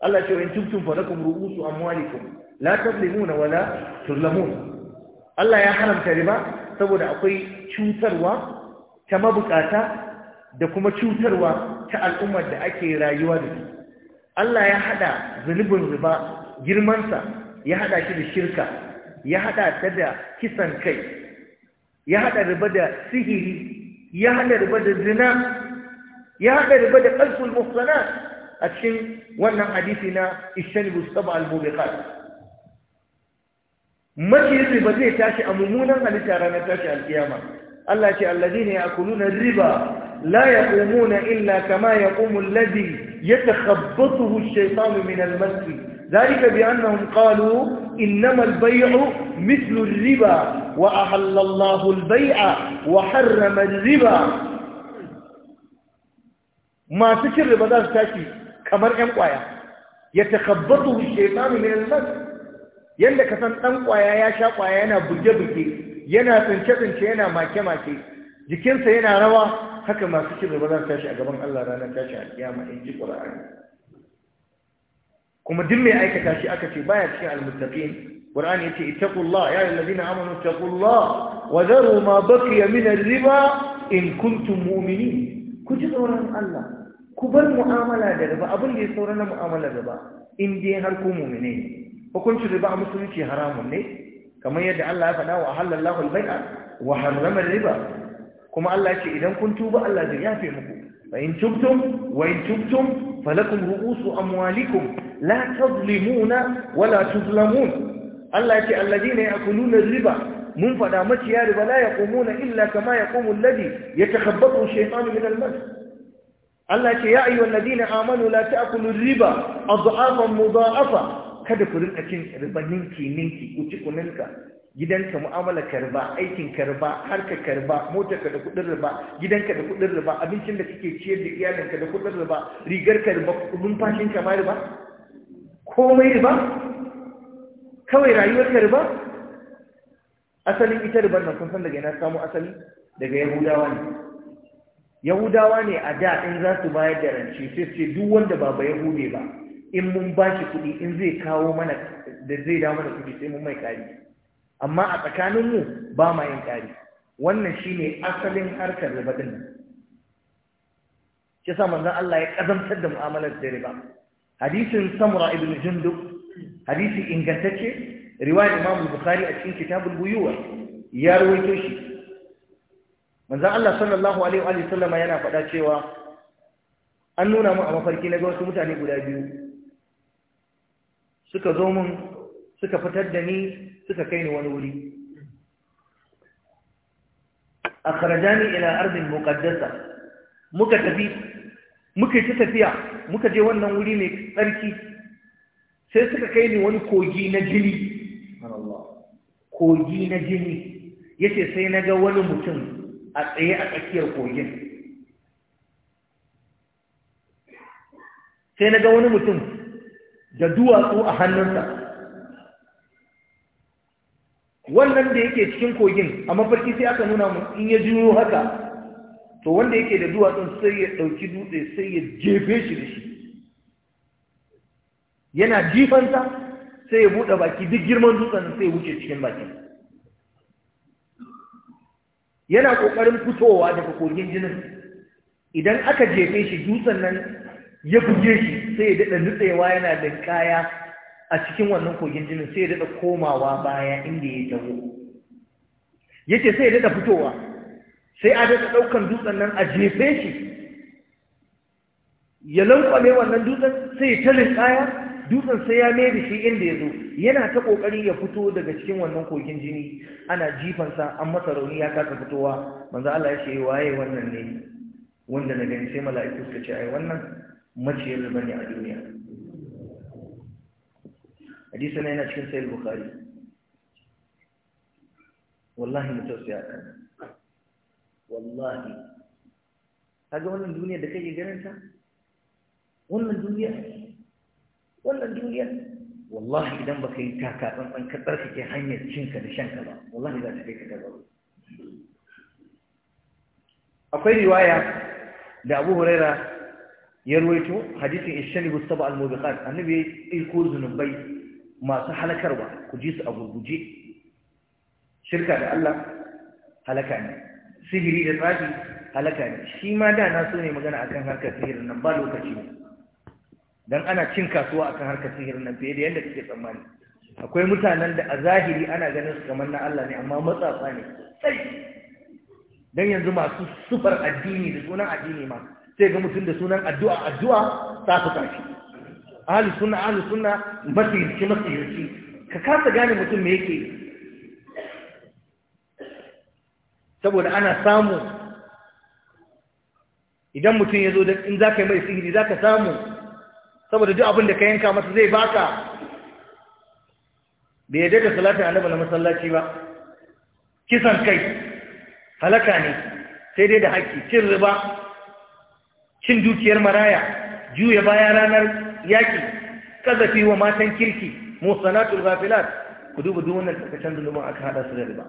Allah ce wa in fa lakum ru'usu amwalikum la tadlimuna wala tuzlamun Allah ya haramta riba saboda akwai cutarwa ta mabukata da kuma cutarwa ta al'ummar da ake rayuwa da su. Allah ya hada zunubin riba girmansa ya haɗa shi da shirka ya haɗa ta da kisan kai ya haɗa riba da sihiri ya haɗa riba da zina ya haɗa riba da ƙarfin muhsanat a cikin wannan hadisi na ishanibu saba al-mubiqat maciyin riba zai tashi a mummunan halitta ranar tashi alkiyama Allah ce allazi ne ya kununa riba la ya kumuna illa kama ya kumun ladi ya takhabbatuhu shaitanu min almasi ذلك بأنهم قالوا إنما البيع مثل الربا وأحل الله البيع وحرم الربا ما تشر ربا تاشي تاكي كمر قايا يتخبطه الشيطان من المس يلا كسان قايا يا شاقوايا أنا بجبكي ينا تنشتنش ينا ماكي jikinsa yana rawa haka masu cin روى za ما تشر a gaban Allah ranar tashi a kiyama in ji Qur'ani kuma duk mai aikata shi aka ce baya cikin almuttaqin qur'ani yace ittaqullah ya ayyuhallazina amanu ittaqullah wa dharu ma baqiya min ar-riba in kuntum mu'minin ku ji tsoron Allah ku bar mu'amala da riba abin da ya saura na mu'amala da riba in dai har ku mu'mine ne hukuncin riba a musulunci haramun ne kamar yadda Allah ya faɗa wa halallahu al-bai'a wa harrama riba kuma Allah ya ce idan kun tuba Allah zai yafe muku فإن تبتم وإن تبتم فلكم رؤوس أموالكم لا تظلمون ولا تظلمون الله الذين يأكلون الربا من فدامت يا ربا لا يقومون إلا كما يقوم الذي يتخبطه الشيطان من المس الله يا أيها الذين آمنوا لا تأكلوا الربا أضعافا مضاعفة kada ku rinka cin riba ninki ninki ku ci ku ninka gidanka mu'amala karba aikin karba harka karba motarka da kudin riba gidanka da kudin riba abincin da kike ciyar da iyalinka da kudin riba rigar ka riba fashin ka ma riba komai riba kawai rayuwar ka riba asalin ita riba nan kun san daga ina samu asali daga yahudawa ne yahudawa ne a da in za su bayar da rance sai ce duk wanda ba ba yahude ba in mun ba shi kuɗi in zai kawo mana da zai da mana kuɗi sai mun mai kari amma a tsakaninmu ba ma yin ƙari wannan shine asalin harkar riba nan. shi sa manzon Allah ya kazantar da mu'amalar da riba hadisin samura ibn jundub hadisi ingantacce riwayar imam bukhari a cikin kitabul buyuwa ya rawaito shi manzon Allah sallallahu alaihi wa sallama yana faɗa cewa an nuna mu a mafarki na ga wasu mutane guda biyu suka zo mun suka fitar da ni suka kai ni wani wuri akhrajani ila ardin muqaddasa muka tafi muka ta tafiya muka je wannan wuri mai tsarki sai suka kai ni wani kogi na jini kogi na jini yace sai na ga wani mutum a tsaye a tsakiyar kogin sai na ga wani mutum da duwatsu a hannunsa wannan da yake cikin kogin a mafarki sai aka nuna mu in ya jiwo haka to wanda yake da duwatsun sai ya ɗauki dutse sai ya jefe shi da shi yana jifanta, sai ya buɗe baki duk girman dutsen sai ya wuce cikin baki. yana ƙoƙarin fitowa daga kogin jinin idan aka jefe shi dutsen nan ya buge shi sai ya daɗa nutsewa yana da kaya a cikin wannan kogin jinin sai ya daɗa komawa baya inda ya taho ce sai ya daɗa fitowa sai a daɗa ɗaukan dutsen nan a jefe shi ya lankwame wannan dutsen sai ya talin kaya dutsen sai ya mai da shi inda ya zo yana ta ƙoƙari ya fito daga cikin wannan kogin jini ana jifansa an masa rauni ya kasa fitowa manzo Allah ya ce eh, waye wannan ne wanda na gani sai mala'iku suka ce ai wannan maciyar ne a duniya hadisi na yana cikin sayar bukari wallahi mutum sai a kan wallahi haga wannan duniya da kai ganin ta wannan duniya wannan duniya wallahi idan baka yi taka tsantsan ka ke hanyar cinka da shanka ba wallahi za ta kai ka gaba akwai riwaya da Abu Huraira ya ruwaito hadisin ishalibu saba al-mubiqat annabi ya ko zunubai masu halakarwa ku ji su a gurguje shirka da Allah halaka ne sihiri da tsafi halaka ne shi ma da na so ne magana akan harkar sihirin nan ba lokaci ne dan ana cin kasuwa akan harkar sihirin nan fiye da yadda kake tsammani akwai mutanen da a zahiri ana ganin su kamar na Allah ne amma matsafa ne sai dan yanzu masu super addini da sunan addini ma sai ga mutum da sunan addu'a addu'a ta fita ahli sunna ahli sunna masirci masirci ka kasa gane mutum me yake saboda ana samu idan mutum ya zo da in za ka yi mai sihiri za ka samu saboda duk abin da ka yanka masa zai baka bai yadda da salatin annabi na masallaci ba kisan kai halaka ne sai dai da haƙƙi cin riba cin dukiyar maraya juya baya ranar yaki ƙazafi wa matan kirki musanatul ghafilat ku duba duk wannan takacin zuluma aka hada su da riba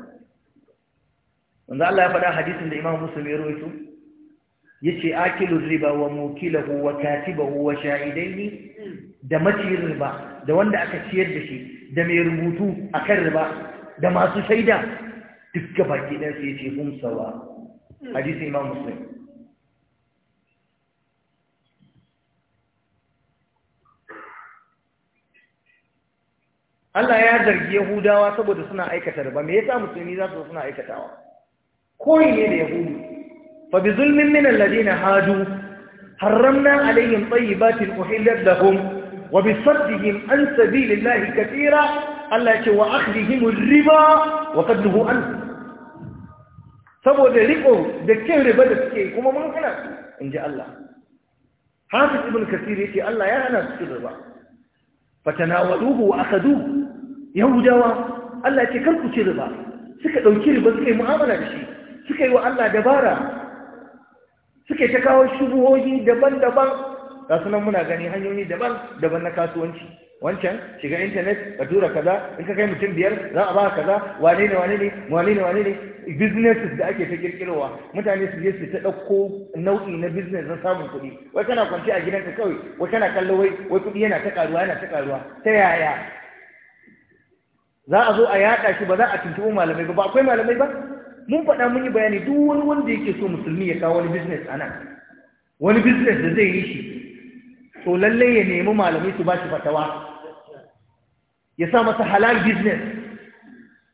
wanda Allah ya faɗa hadisin da Imam Muslim ya rawaito yace akilu riba wa mukilahu wa katibahu wa sha'idaini da maciyin riba da wanda aka ciyar da shi da mai rubutu a kan riba da masu shaida duk gaba dan sai ce hum sawa hadisin Imam Muslim Allah ya zargi Yahudawa saboda suna aikata ba, me yasa musulmi za su suna aikatawa koyi ne da Yahudu fa bi zulmin min alladhina hadu harramna alaihim tayyibatin uhillat lahum wa bi saddihim an sabilillahi katira Allah ce wa akhdihim riba wa qadluhu an saboda riko da cin riba da suke kuma mun kana inji Allah Hafiz ibn Kathir yace Allah ya hana su riba fatanawaluhu wa akhaduhu yahudawa Allah ce kar ku ci riba suka ɗauki riba suka yi mu'amala da shi suka yi wa Allah dabara suka yi ta kawo shubuhohi daban-daban ga sunan muna gani hanyoyi daban-daban na kasuwanci wancan shiga intanet ka tura kaza in ka kai mutum biyar za a ba kaza wane ne wane ne wane ne wane ne businesses da ake ta kirkirowa mutane su je su ta ɗauko nau'i na business na samun kuɗi wai kana kwance a gidanka kawai wai kana kallo wai wai kuɗi yana ta karuwa yana ta karuwa ta yaya za a zo a yaɗa shi ba za a tuntuɓi malamai ba ba akwai malamai ba mun faɗa mun yi bayani duk wani wanda yake so musulmi ya kawo wani business a nan wani business da zai yi shi to lallai ya nemi malamai su ba shi fatawa ya sa masa halal business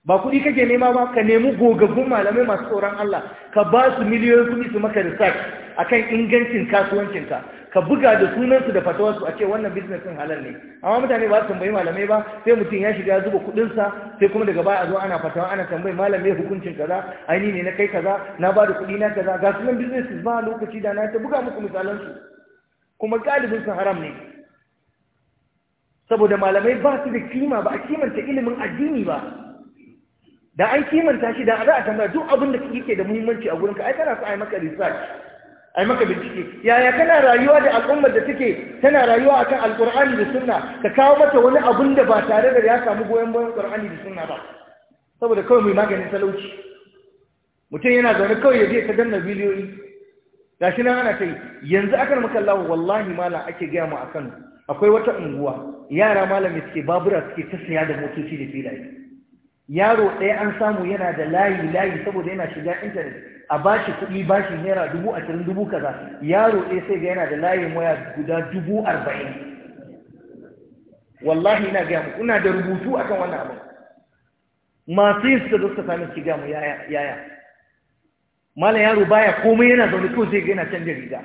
ba kuɗi kake nema ba ka nemi gogaggun malamai masu tsoron Allah ka ba su miliyoyin kuɗi su maka research akan ingancin kasuwancinka ka buga da sunansu da fatawarsu a ce wannan business din halal ne amma mutane ba su tambayi malamai ba sai mutum ya shiga zuba kuɗinsa sai kuma daga baya a zo ana fatawa ana tambayi malamai hukuncin kaza aini ne na kai kaza na ba da kuɗi na kaza ga sunan business ba lokaci da na ta buga muku su kuma galibin su haram ne saboda malamai ba su da kima ba a kimanta ilimin addini ba da an kimanta shi da za a tambaya duk abin da kike da muhimmanci a gurinka ai kana so a maka research ai maka bincike yaya kana rayuwa da al'ummar da take tana rayuwa akan alqur'ani da sunna ka kawo mata wani abun da ba tare da ya samu goyon bayan qur'ani da sunna ba saboda kawai mai maganin talauci mutum yana zaune kawai ya je ta danna biliyoyi gashi nan ana kai yanzu akan makallahu wallahi malam ake gaya mu akan akwai wata unguwa yara malam suke babura suke ta siya da motoci da filaye yaro ɗaya an samu yana da layi layi saboda yana shiga intanet a bashi kuɗi bashi naira dubu ashirin dubu kaza yaro ɗaya sai ga yana da layin waya guda dubu arba'in wallahi ina gaya mu, ina da rubutu akan wannan abu masu yin suka zo suka sami su gaya mu yaya malam yaro baya komai yana zaune ko zai ga yana canja riga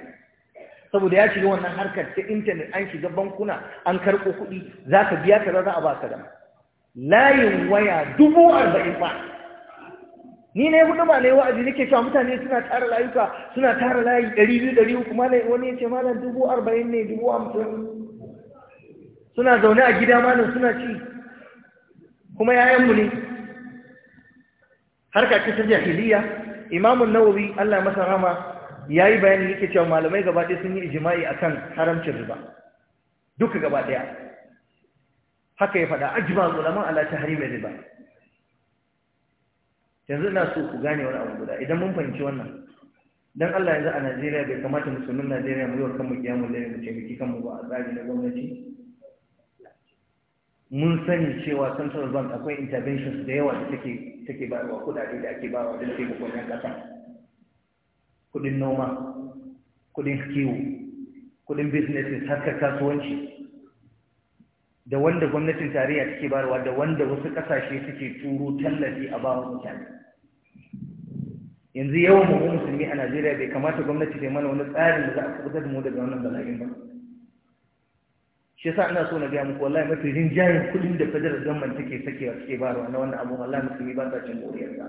saboda ya shiga wannan harkar ta intanet an shiga bankuna an karɓo kuɗi za ka biya kaza za a ba ka da layin waya dubu arba'in ba ni ne hudu ba ne wa'azi nake cewa mutane suna tara layuka suna tara layi ɗari biyu ɗari uku malam wani ya ce malam dubu arba'in ne dubu hamsin suna zaune a gida malam suna ci kuma yayanmu ne harka ce ta jahiliya imamun nawawi Allah masa rama yayi bayani yake cewa malamai gaba ɗaya sun yi ijma'i akan haramcin riba duka gaba ɗaya haka ya faɗa ajma ulama ala tahrim riba yanzu ina so ku gane wani abu guda idan mun fahimci wannan dan Allah yanzu a Najeriya bai kamata musulmin Najeriya mu yi wa kanmu kiyamun da mu taimaki kanmu ba a tsari na gwamnati mun sani cewa central bank akwai interventions da yawa da take take bayarwa kudade da ake bayarwa don taimakon yan kasa kudin noma kudin kiwo kudin businesses harkar kasuwanci da wanda gwamnatin tarayya take bayarwa da wanda wasu kasashe suke turo tallafi a ba mutane yanzu yawan mu musulmi a Najeriya bai kamata gwamnati ta mana wani tsarin da za a kubutar da mu daga wannan bala'in ba shi yasa ina so na ga muku wallahi mafi jin jayin kudin da federal government take sakewa take bayarwa na wannan abu wallahi musulmi ba ta cin moriyar sa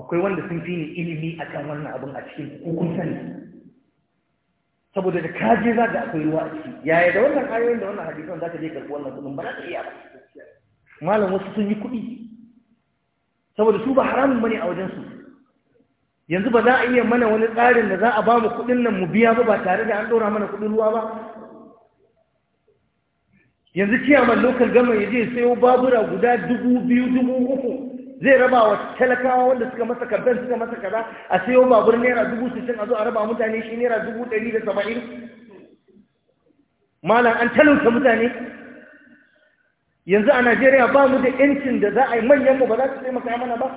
akwai wanda sun fi ni ilimi akan wannan abun a cikin kun ne. saboda da ka je za ka akwai ruwa a ciki yaya da wannan ayoyin da wannan hadisan za ka je karɓi wannan kuɗin ba za ka iya ba malam wasu sun yi kuɗi saboda su ba haramun bane a wajensu yanzu ba za a iya mana wani tsarin da za a ba mu kuɗin nan mu biya ba ba tare da an ɗora mana kuɗin ruwa ba yanzu kiyaman lokal gama ya je sayo babura guda dubu biyu dubu uku zai raba wa talakawa wanda suka masa kardan suka masa kaza a sayo babur naira dubu sittin a zo a raba mutane shi naira dubu ɗari da saba'in malam an talauta mutane yanzu a najeriya ba mu da yancin da za a yi manyan mu ba za su taimaka mana ba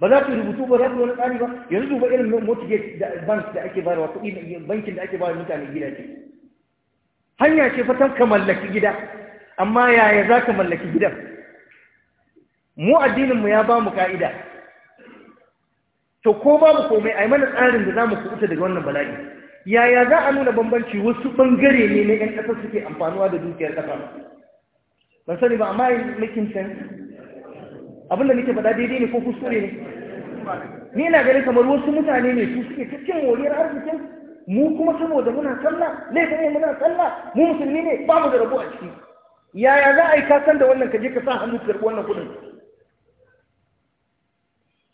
ba za su rubutu ba za su wani tsari ba yanzu duba irin mortgage da bank da ake bayarwa kuɗi bankin da ake bayar mutane gidaje hanya ce fatan ka mallaki gida amma yaya za ka mallaki gidan mu addininmu ya ba mu ka'ida to ko babu komai a yi mana tsarin da za mu kuɓuta daga wannan bala'i yaya za a nuna bambanci wasu ɓangare ne na 'yan ƙasar suke amfanuwa da dukiyar ƙasa ban sani ba amma makin can abinda nake faɗa daidai ne ko kuskure ne ni ina ganin kamar wasu mutane ne su suke cikin moriyar arzikin mu kuma saboda muna sallah laifin mu muna sallah mu musulmi ne ba mu da rabu a ciki yaya za a yi kasan da wannan ka je ka sa hannu ka karɓi wannan kuɗin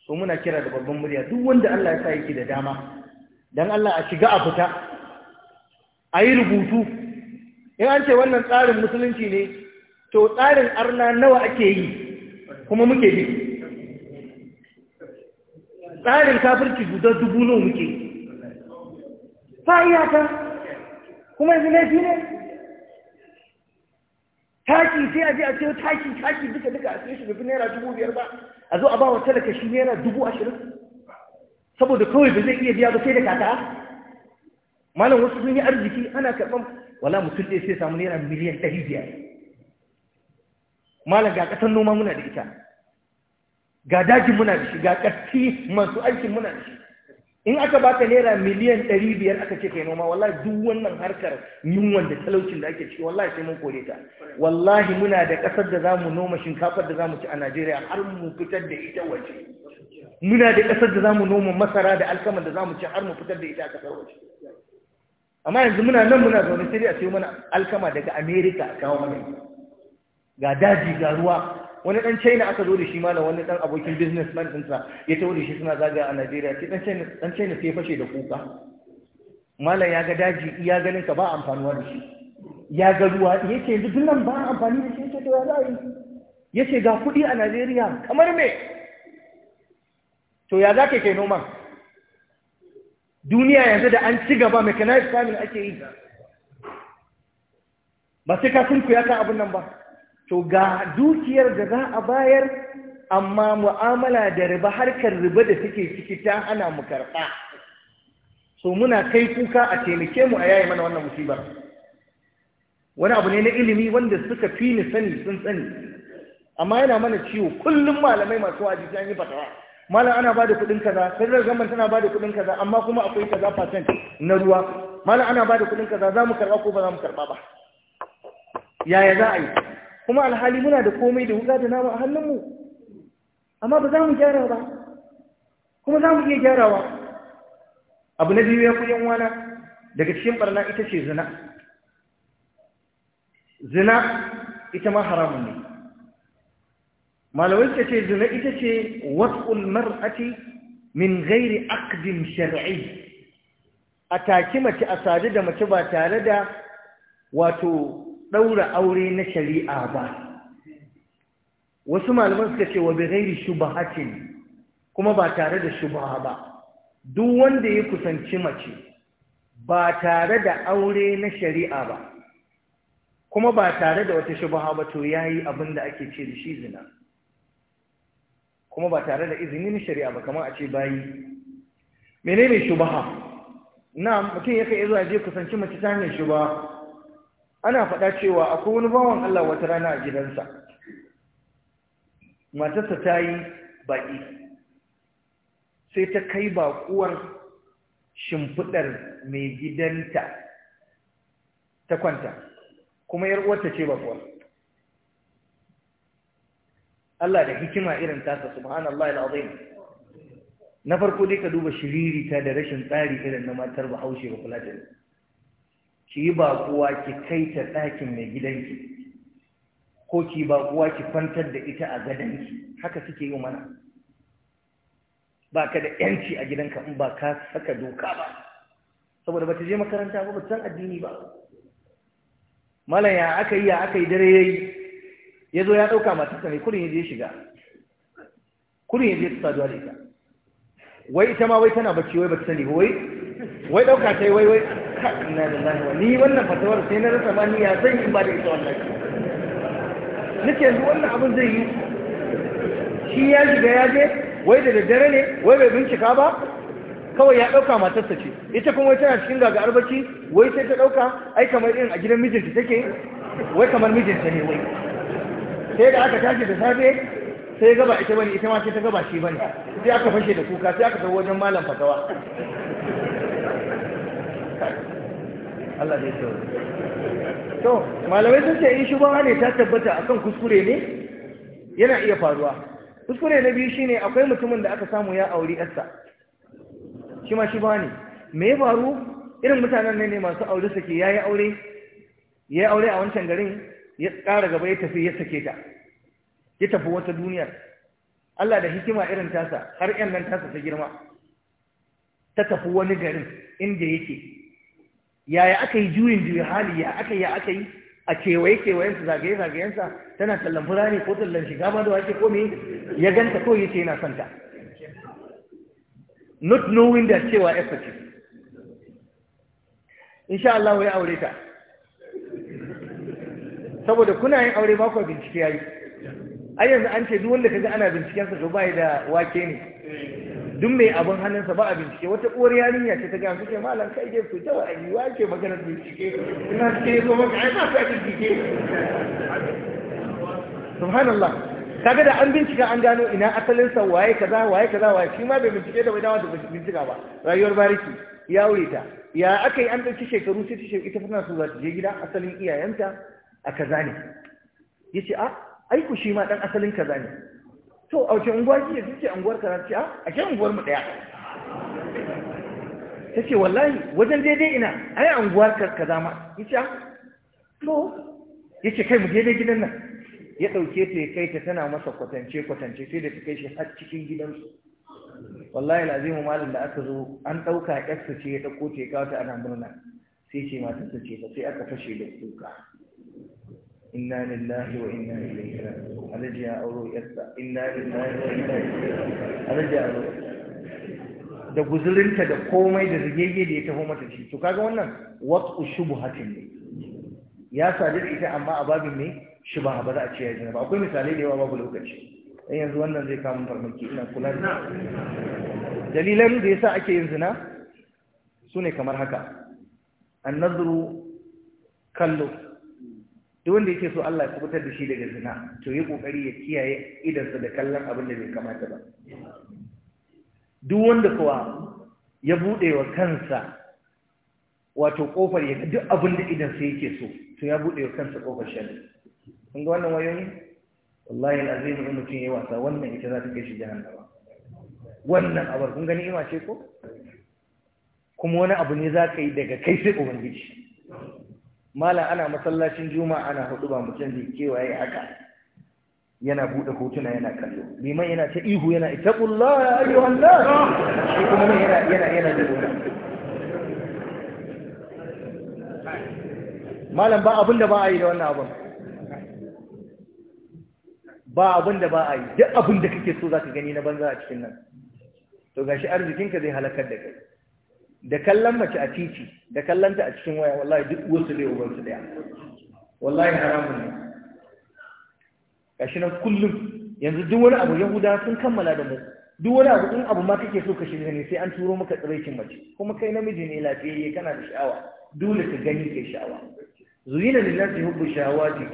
so muna kira da babban murya duk wanda Allah ya sa yake da dama dan Allah a shiga a fita a yi rubutu in an ce wannan tsarin musulunci ne to tsarin arna nawa ake yi kuma muke bi tsarin kafirci guda dubu nawa muke yi fa iyaka kuma yanzu laifi ne taki sai a je a ce taki taki duka duka a sai shi bai naira dubu biyar ba a zo a ba wa talaka shi naira dubu ashirin saboda kawai ba zai iya biya ba sai da kaka malam wasu sun yi arziki ana karɓan wala mutum ɗaya sai samu naira miliyan ɗari biyar malam ga ƙasar noma muna da ita ga dajin muna da shi ga ƙarfi masu aikin muna da shi in aka baka naira miliyan ɗari biyar aka ce kai noma wallahi duk wannan harkar yunwan da talaucin da ake ciki wallahi sai mun kore ta wallahi muna da ƙasar da zamu noma shinkafar da zamu ci a Najeriya har mu fitar da ita waje muna da ƙasar da zamu noma masara da alkama da zamu ci har mu fitar da ita a ƙasar waje amma yanzu muna nan muna zaune sai a sayo mana alkama daga America a kawo mana ga daji ga ruwa wani dan china aka zo da shi malam wani dan abokin businessman ɗinsa ya taho da shi suna zaga a najeriya shi dan china sai fashe da kuka malam ya ga daji iya ganin ka ba amfanuwa da shi ya ga ruwa ya ce yanzu nan ba amfani da shi ya ce ya za yi ya ce ga kuɗi a najeriya kamar me to ya za ka kai noman duniya yanzu da an ci gaba mechanized farming ake yi ba sai ka ya kan abin nan ba to ga dukiyar da za a bayar amma mu'amala da riba harkar riba da suke ciki ta ana mu karɓa so muna kai kuka a taimake mu a yayi mana wannan musibar wani abu ne na ilimi wanda suka fi ni sani sun sani amma yana mana ciwo kullum malamai masu wajibi an yi fatawa malam ana bada kuɗin kaza federal government tana bada kuɗin kaza amma kuma akwai kaza percent na ruwa malam ana bada kuɗin kaza za mu karɓa ko ba za mu karɓa ba yaya za a yi kuma alhali muna da komai da wuga da nama a hannunmu amma ba za mu gyara ba kuma za mu iya gyarawa abu na biyu ya ku yan wana daga cikin barna ita ce zina zina ita ma haramun ne malawai ta ce zina ita ce wasu'ul mar'ati min gairi akdin shari'i a taki mace a sadu da mace ba tare da wato ɗaura aure na shari'a ba wasu malaman suka ce wa bighairi ne kuma ba tare da shubaha ba duk wanda ya kusanci mace ba tare da aure na shari'a ba kuma ba tare da wata shubaha ba to yayi abin da ake ce da shi zina kuma ba tare da izini na shari'a ba kamar a ce bayi menene shubaha? na mutum ya kai zuwa je kusanci mace ta hanyar shubha ana faɗa cewa akwai wani bawan Allah wata rana a gidansa matarsa ta yi baƙi sai ta kai baƙuwar shimfiɗar mai gidanta ta kwanta kuma uwarta ce baƙuwar Allah da hikima irin tasa subhanallah al'azim na farko dai ka duba shiririta da rashin tsari irin na matar bahaushe ba kula da ki yi baƙuwa ki kai ta ɗakin mai gidanki ko ki yi baƙuwa ki kwantar da ita a gadanki haka suke yi mana ba ka da ‘yanci a gidanka in ba ka saka doka ba saboda ba ta je makaranta ba ba san addini ba malam ya aka yi ya aka yi dare ya ya zo ya ɗauka masu ne kurin ya je shiga kurin ya je su saduwa da ita wai ita ma wai tana bacci wai ba ta sani wai wai ɗauka ta yi wai wai inna lillahi wa ni wannan fatawar sai na rasa mani ya zan in ba da ita wallahi nake yanzu wannan abin zai yi shi ya shiga ya je wai da daddare ne wai bai bincika ba kawai ya ɗauka matarsa ce ita kuma tana cikin gaga arbaci wai sai ta ɗauka ai kamar irin a gidan mijinta take wai kamar mijinta ne wai sai da aka tashi da safe sai gaba ita bane ita ma sai ta gaba shi bane sai aka fashe da kuka sai aka tafi wajen malam fatawa Allah zai to malamai sun ce in ba ne ta tabbata akan kuskure ne yana iya faruwa kuskure na biyu shine akwai mutumin da aka samu ya auri yarsa shi ma ba ne me ya faru irin mutanen ne masu aure sake yi aure Ya yi aure a wancan garin ya ƙara gaba ya tafi ya sake ta ya tafi wata duniyar Allah da hikima irin tasa har 'yan nan tasa ta girma ta tafi wani garin inda yake yaya aka yi juyin juyin hali ya aka yi aka yi a kewaye kewayensa zagaye zagayensa tana tallan fura ne ko tallan shiga ba da wake ko me ya ganta ko yace yana son ta not knowing that cewa effective insha Allah ya aure ta saboda kuna yin aure ba ku bincike yayi ai yanzu an ce duk wanda kaga ana binciken sa to bai da wake ne duk mai abin hannunsa ba a bincike wata uwar yarinya ce ta gamsu ce malam kai je su wa ayi wa ke maganar bincike ina ce zo maka ai ba ka bincike subhanallah kaga da an bincika an gano ina asalin sa waye kaza waye kaza waye shi ma bai bincike da bai dawo da bincika ba rayuwar bariki ya ta. ya aka yi an ɗauki shekaru sai ta ita tana so za ta je gida asalin iyayenta a kaza ne Ya ce a ah, aiku shi ma ɗan asalin kaza ne to a wace unguwa ki ya ce unguwar kaza a ke unguwar ah, mu daya ta ce wallahi wajen daidai ina ai unguwar kaza ma yace ah, to yace kai mu daidai gidan nan ya dauke ta ya kai ta tana masa kwatance kwatance sai da ta kai shi har cikin gidansu wallahi lazimu malam da aka zo an dauka yarsa ce ya dauko ta ya kawo ta ana murna sai ce matarsa ce ta sai aka fashe da kuka inna lillahi wa inna ilaihi raji'un alaji ya auro yarsa inna lillahi wa inna ilaihi raji'un alaji ya da guzurinta da komai da zagege da ya taho mata shi to kaga wannan wat'u shubhatin ne ya sadu da ita amma a babin ne shubha ba za a ce ya jina ba akwai misalai da yawa babu lokaci dan yanzu wannan zai kamun farmaki ina kula da dalilan da yasa ake yin zina sune kamar haka annadru kallo duk wanda yake so Allah ya kubutar da shi daga zina to yi kokari ya kiyaye idansa da kallon abin da bai kamata ba duk wanda kuwa ya bude wa kansa wato kofar ya duk abin da idansa yake so to ya bude wa kansa kofar shari kun ga wannan wayoyi wallahi alazim in mutum ya wasa wannan ita za ta kai shi jahannama wannan abar kun gani ima ce ko kuma wani abu ne za ka yi daga kai sai ubangiji mala ana masallacin juma'a ana hudu ba mutum zai kewaye haka yana bude hotuna yana kallo liman yana ta ihu yana itaqullah ya ayyuhan nas shi kuma yana yana yana da malam ba abin da ba a yi da wannan abin ba abin da ba a yi duk abin da kake so zaka gani na banza a cikin nan to gashi arzikinka zai halakar da kai da kallon mace a titi da kallonta a cikin waya wallahi duk wasu ne su daya wallahi haramun ne kashi na kullum yanzu duk wani abu yahuda sun kammala da mu duk wani abu in abu ma kake so ka shirya ne sai an turo maka tsiraicin mace kuma kai namiji ne lafiyayye kana da sha'awa dole ka gani kai sha'awa zuyina lillahi hubbu shahawati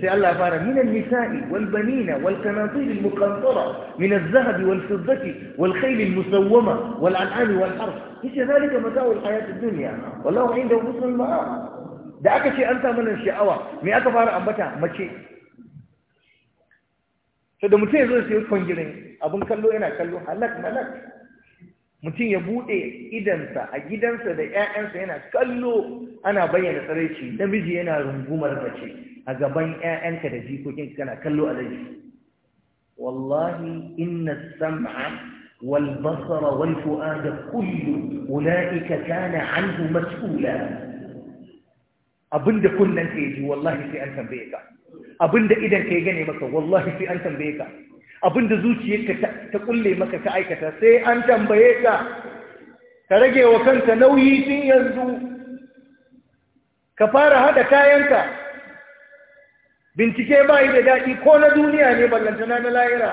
sai Allah fara minan nisa'i wal banina wal kanatir al muqantara min al zahab wal fiddah wal khayl al musawwama wal an'am wal harf kisa zalika mata'u al hayat al dunya da aka ce an sa mana sha'awa me aka fara ambata mace sai da mutum ya zo sai kongire Abin kallo yana kallo halak malak mutum ya buɗe idansa a gidansa da 'ya'yansa yana kallo ana bayyana tsaraici namiji yana rungumar mace a gaban 'ya'yanka da jikokin kana kallo a laifi wallahi inna sam'a wal basara wal fu'ada kullu ulaika kana anhu mas'ula abinda kunnen ka ji wallahi sai an tambaye ka abinda idan ka ya gane maka wallahi sai an tambaye ka abinda zuciyarka ta ta kulle maka ta aikata sai an tambaye ka ka rage wa kanka nauyi tun yanzu ka fara hada kayanka bincike bai da daɗi ko na duniya ne ballantana na lahira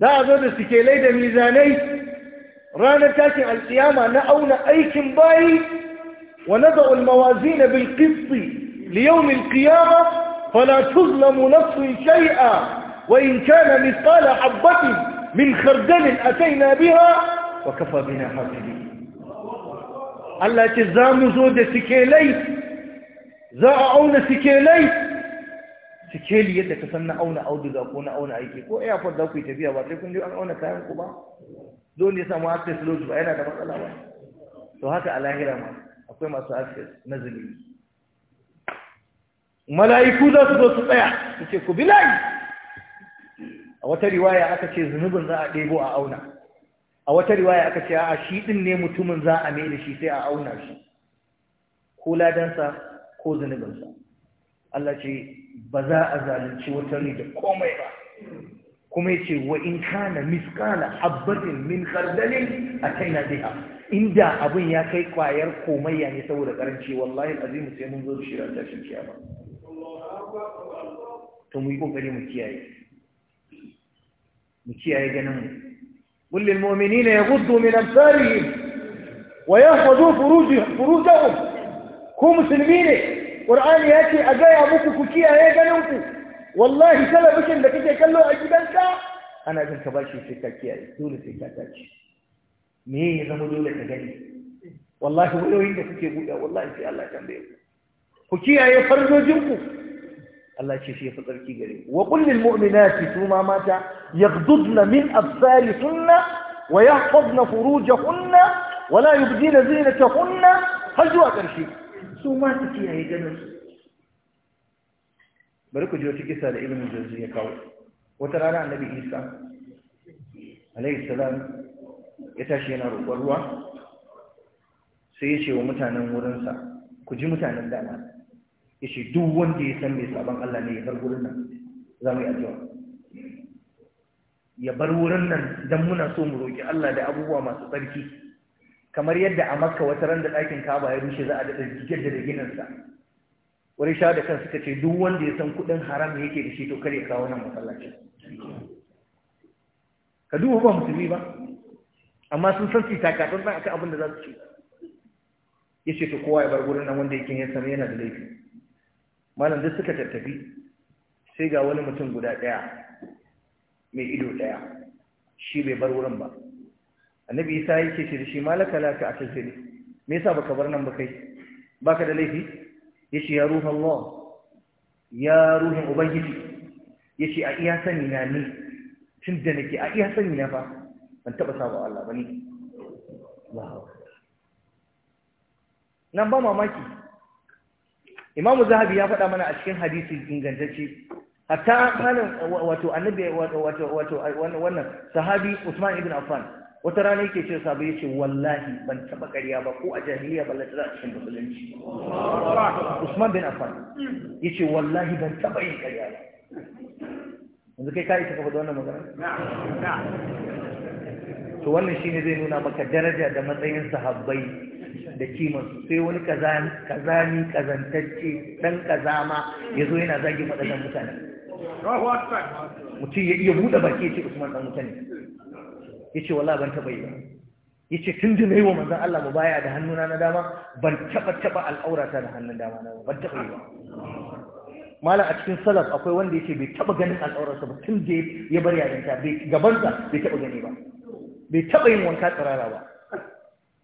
za a zo da sikelai da mizanai ranar tashin alkiyama na auna aikin bayi wa naza'ul mawazina bil qisti li yawm al qiyamah fala tuzlamu nafsun shay'a وإن كان مثقال حبة من خردل أتينا بها وكفى بنا حافظين Allah ce za mu zo da sikelai za a auna sikelai sikeli yadda ka san na auna auduga ko na auna aiki ko airport za ku yi tafiya ba sai kun an auna kayan ku ba dole ne samu access load ba yana da matsala ba to haka a lahira ma akwai masu access na mala'iku za su zo su tsaya su ce ku bi a wata riwaya aka ce zunubin za a ɗebo a auna a wata riwaya aka ce a shi ɗin ne mutumin za a mai da shi sai a auna shi ko ladansa ko zunubinsa Allah ce ba za a zalunci wata ne da komai ba kuma yace wa in kana miskala habbatin min a taina biha inda abun ya kai kwayar komaiya ne saboda karanci wallahi azimu sai mun zo da shirar tashin kiyama to mu yi kokari mu kiyaye mu kiyaye ganin mu قل للمؤمنين يغضوا من أبصارهم ويحفظوا فروجهم ku musulmi ne ƙur'ani ya ce a gaya muku ku kiyaye ganinku wallahi talabishin da kake kallo a gidanka ana jin ka bashi sai ka kiyaye dole sai ka tace me ya zama dole ka gani wallahi wayoyin da kuke buɗe Allah ku ku kiyaye farzojinku الله شي في فطر كي قري وقل للمؤمنات ثم ما جاء يغضضن من أبصارهن ويحفظن فروجهن ولا يبدين زينتهن هل جوا ترشي ثم ما تي اي جنس بركو جوا تي كسال ابن الجزية قول وترى على النبي عيسى عليه السلام يتاشي نار الروح سيشي ومتانا مورنسا كجي متانا دانا yace duk wanda ya san mai sabon Allah ne ya bar wurin nan za mu yi addu'a ya bar wurin nan dan muna so mu roki Allah da abubuwa masu tsarki kamar yadda a Makka wata ran da ɗakin Kaaba ya rushe za a da gidan da ginin sa wani sha da kan suka ce duk wanda ya san kuɗin haram yake da shi to kare kawo nan masallaci ka duba ba musulmi ba amma sun san su takatun ɗan akan abin da za su ce ya ce to kowa ya bar gurin nan wanda yake yin sami yana da laifi malam duk suka tattafi sai ga wani mutum guda ɗaya mai ido ɗaya shi bai bar wurin ba annabi isa yake ce da shi malaka laka a tilfili me yasa baka bar nan ba kai baka da laifi yace ya ruhun Allah ya ruhun ubangiji yace a iya sani na ni tun da nake a iya sani na fa ban taba saba Allah ba ni nan ba mamaki imamu zahabi ya faɗa mana a cikin hadisi ingantacce hatta halin wato annabi wato wato wannan sahabi Usman ibn Affan wata rana yake ce sabu yace wallahi ban taba ƙarya ba ko a jahiliya ba lati a cikin musulunci Usman bin Affan yace wallahi ban taba yin ƙarya ba yanzu kai kai ka faɗa wannan magana na'am to wannan shine zai nuna maka daraja da matsayin sahabbai da kimansu sai wani kazani kazantacce dan kazama ya zo yana zagin matsalar mutane mutum ya iya buɗe baki ya ce usman dan mutane ya ce wala ban taɓa yi ba ya ce tun da na yi wa manzan Allah mu baya da hannuna na dama ban taɓa taɓa al'aurata da hannun dama na ban taɓa yi ba mala a cikin salaf akwai wanda ya ce bai taɓa ganin al'aurarsa ba tun da ya bar yarinta gabansa bai taɓa gani ba bai taɓa yin wanka tsirara ba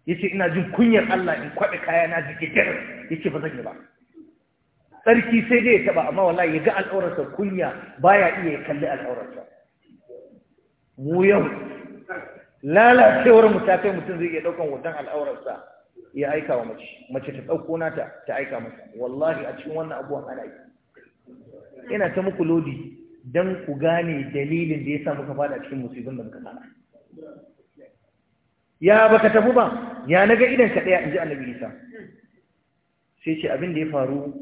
yace ina jin kunyar Allah in kwaɗa kaya na jikitar yace ba zan yi ba tsarki sai dai ya taba amma wallahi ya ga al'aurarsa kunya baya iya ya kalli al'aurarsa mu yau lalacewar mu ta kai mutum zai iya daukan hoton al'aurarsa ya aika wa mace mace ta dauko nata ta aika masa wallahi a cikin wannan abuwan ana yi ina ta muku lodi dan ku gane dalilin da yasa muka fada cikin musibin da muka fada ya baka tafi ba ya naga idan ka daya inji annabi isa sai ce abin da ya faru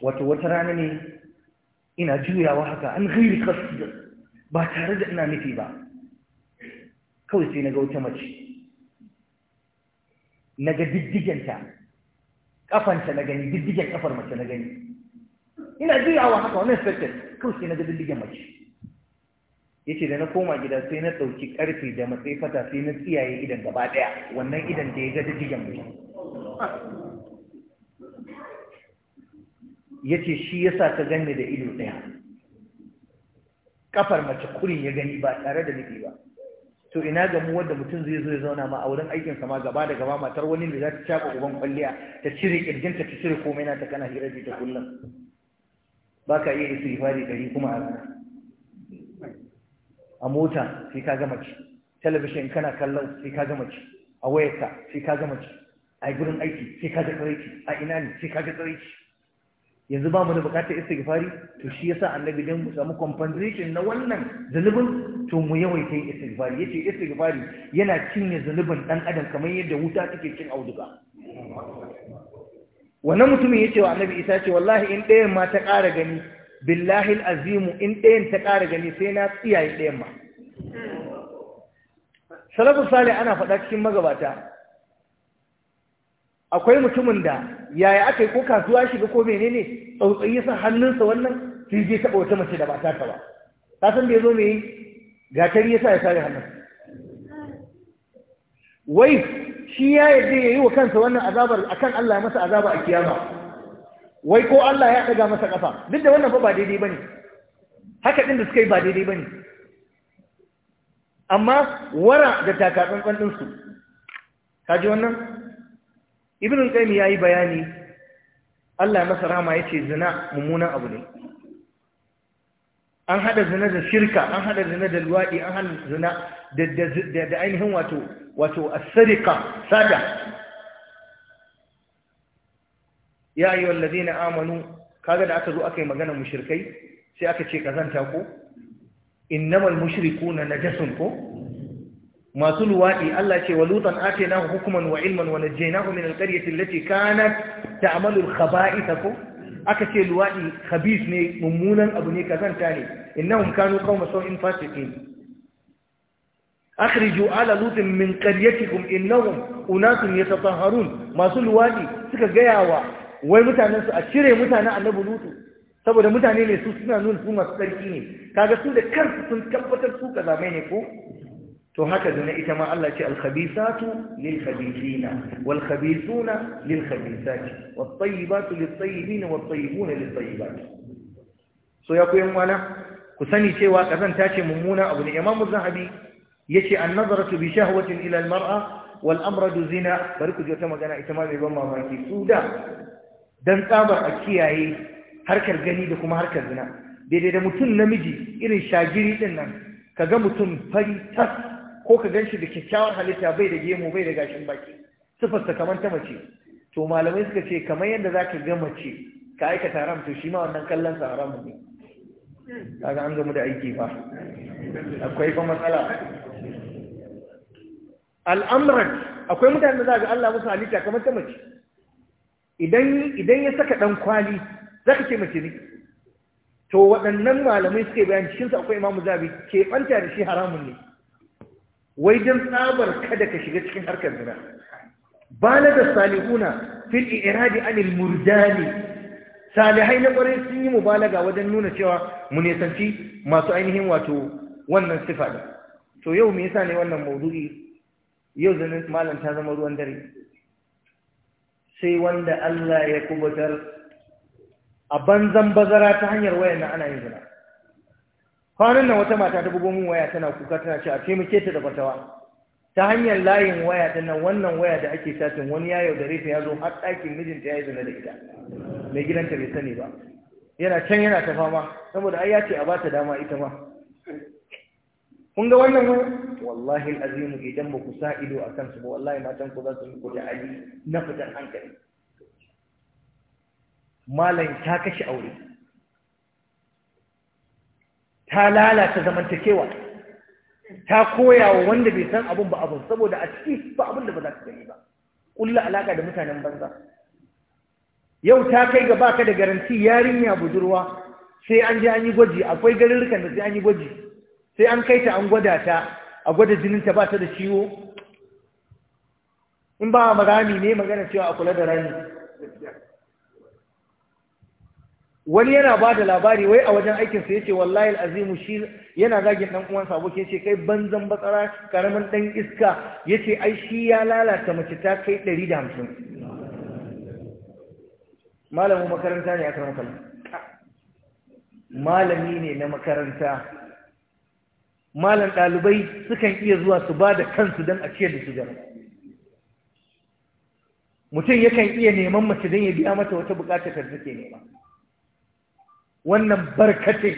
wato wata rana ne ina juyawa haka an ghairi qasd ba tare da ina nufi ba kawai sai naga wata mace naga diddigenta kafanta na gani diddigen kafar mace na gani ina juyawa haka wannan sattar kawai sai naga diddigen mace yace da na koma gida sai na ɗauki ƙarfe da matsayi fata sai na tsiyaye idan gaba ɗaya wannan idan da ya ga dijigan mai yace shi yasa ka ganni da ido ɗaya kafar mace kurin ya gani ba tare da nufi ba to ina ga mu wanda mutum zai zo ya zauna ma a wurin aikin sa ma gaba da gaba matar wani ne za ta shafa uban kwalliya ta cire kirjinta ta cire komai na ta kana hira ta kullum ba ka iya ifari dari kuma a rana a mota sai ka gama ci talabishin kana kallon sai ka gama ci a wayarka sai ka gama ci a gurin aiki sai ka ga tsaraici a ina ne sai ka ga tsaraici yanzu ba mu da bukatar istighfari to shi yasa annabi dan mu samu compensation na wannan zunubin to mu yawaita yin istighfari yace istighfari yana cinye zunubin dan adam kamar yadda wuta take cin auduga wannan mutumin yace wa annabi isa ce wallahi in ɗayan ma ta ƙara gani Billahil azimu in ɗayan ta ƙara gani sai na tsiyaye ɗayan ma salafu sale ana faɗa cikin magabata akwai mutumin da yaya aka yi ko kasuwa shiga ko menene tsautsayi sa hannunsa wannan sai je taɓa wata mace da ba ta ba ta san da ya zo mai gatari ya sa ya sare hannun wai shi ya yadda ya yi wa kansa wannan azabar akan Allah masa azaba a kiyama wai ko Allah ya ɗaga masa ƙafa duk da wannan fa ba daidai bane haka ɗin da suka yi ba daidai bane amma wara da taka tsantsan din su kaji wannan ibn qayyim yayi bayani Allah ya masa ya ce zina mummunan abu ne an hada zina da shirka an hada zina da luwadi an hada zina da da ainihin wato wato as sada ya ayyuha alladhina amanu kaga da aka zo aka yi magana mushrikai sai aka ce kazanta ko innamal mushrikuna najasun ko masu luwadi Allah ce wa lutan atainahu hukuman wa ilman wa najaynahu min alqaryati allati kanat ta'malu alkhaba'ith ko aka ce luwadi khabith ne mummunan abu ne kazanta ne innahum kanu in sawin fasiqin akhriju ala lutin min qaryatikum innahum unasun yatatahharun masu luwadi suka gaya wa? wai mutanen su a cire mutanen annabi lutu saboda mutane ne su suna nuna su masu tsarki ne kaga su da kansu sun tabbatar su kazamai ne ko to haka zina ita ma Allah ce al-khabisatu lil-khabisina wal-khabisuna lil-khabisati wat-tayyibatu lit-tayyibina wat-tayyibuna lit-tayyibati so ya ku yan wana ku sani cewa ta ce mummuna abu ne Imam Zahabi yace an-nazaratu bi shahwatin ila al-mar'a wal-amradu zina bari ku je ta magana ita ma mai ban mamaki su da don tsabar a kiyaye harkar gani da kuma harkar zina daidai da mutum namiji irin shagiri din nan ka ga mutum fari tas ko ka gan shi da kyakkyawar halitta bai da gemu bai da gashin baki sifarsa kamar ta mace to malamai suka ce kamar yadda za ka ga mace ka aikata haram to shi ma wannan kallon sa haram ne kaga an gamu da aiki fa akwai fa matsala al'amrat akwai mutanen da za ga Allah musu halitta kamar ta mace idan ya saka ɗan kwali za ka ce mace ne to waɗannan malamai suke bayan cikinsu akwai imamu zabi ke ɓanta da shi haramun ne wai dan tsabar kada ka shiga cikin harkar zina balada salihuna fil iradi anil murjani salihai na ƙwarai sun yi mubalaga wajen nuna cewa mu nisanci masu ainihin wato wannan sifa da to yau me yasa ne wannan maudu'i yau zanin malam ta zama ruwan dare sai wanda Allah ya kubutar a banzan bazara ta hanyar wayan na ana yin zina kwanan nan wata mata ta bugo min waya tana kuka tana cewa taimake ta da fatawa ta hanyar layin waya ta nan wannan waya da ake satin wani ya yaudare ta ya zo har ɗakin mijinta ya yi zina da ita mai gidanta bai sani ba yana can yana ta fama saboda ai ya ce a ba ta dama ita ma kun ga wannan wallahi al'azimu, idan ba ku sa ido a kansu ba wallahi matan ku za su muku da ali na fitan hankali malam ta kashe aure ta lalata zamantakewa ta koya wa wanda bai san abun ba abun saboda a ciki ba abun da ba za ka gani ba kulla alaka da mutanen banza yau ta kai ga baka da garanti yarinya budurwa sai an je an yi gwaji akwai garurrukan da sai an yi gwaji sai an kai ta an gwada ta a gwada jininta ba ta da ciwo in ba rami ne magana cewa a kula da rani wani yana ba da labari wai a wajen aikinsa ya ce wallahi al'azimu shi yana zagin ɗan uwansa aboki ya ce kai banzan batsara karamin ɗan iska ya ce ai shi ya lalata mace ta kai ɗari da hamsin malamin makaranta ne a kan malami ne na makaranta malam ɗalibai sukan iya zuwa su ba da kansu don a ciyar da su gaba. mutum yakan iya neman mace don ya biya mata wata bukatar da take nema wannan barkace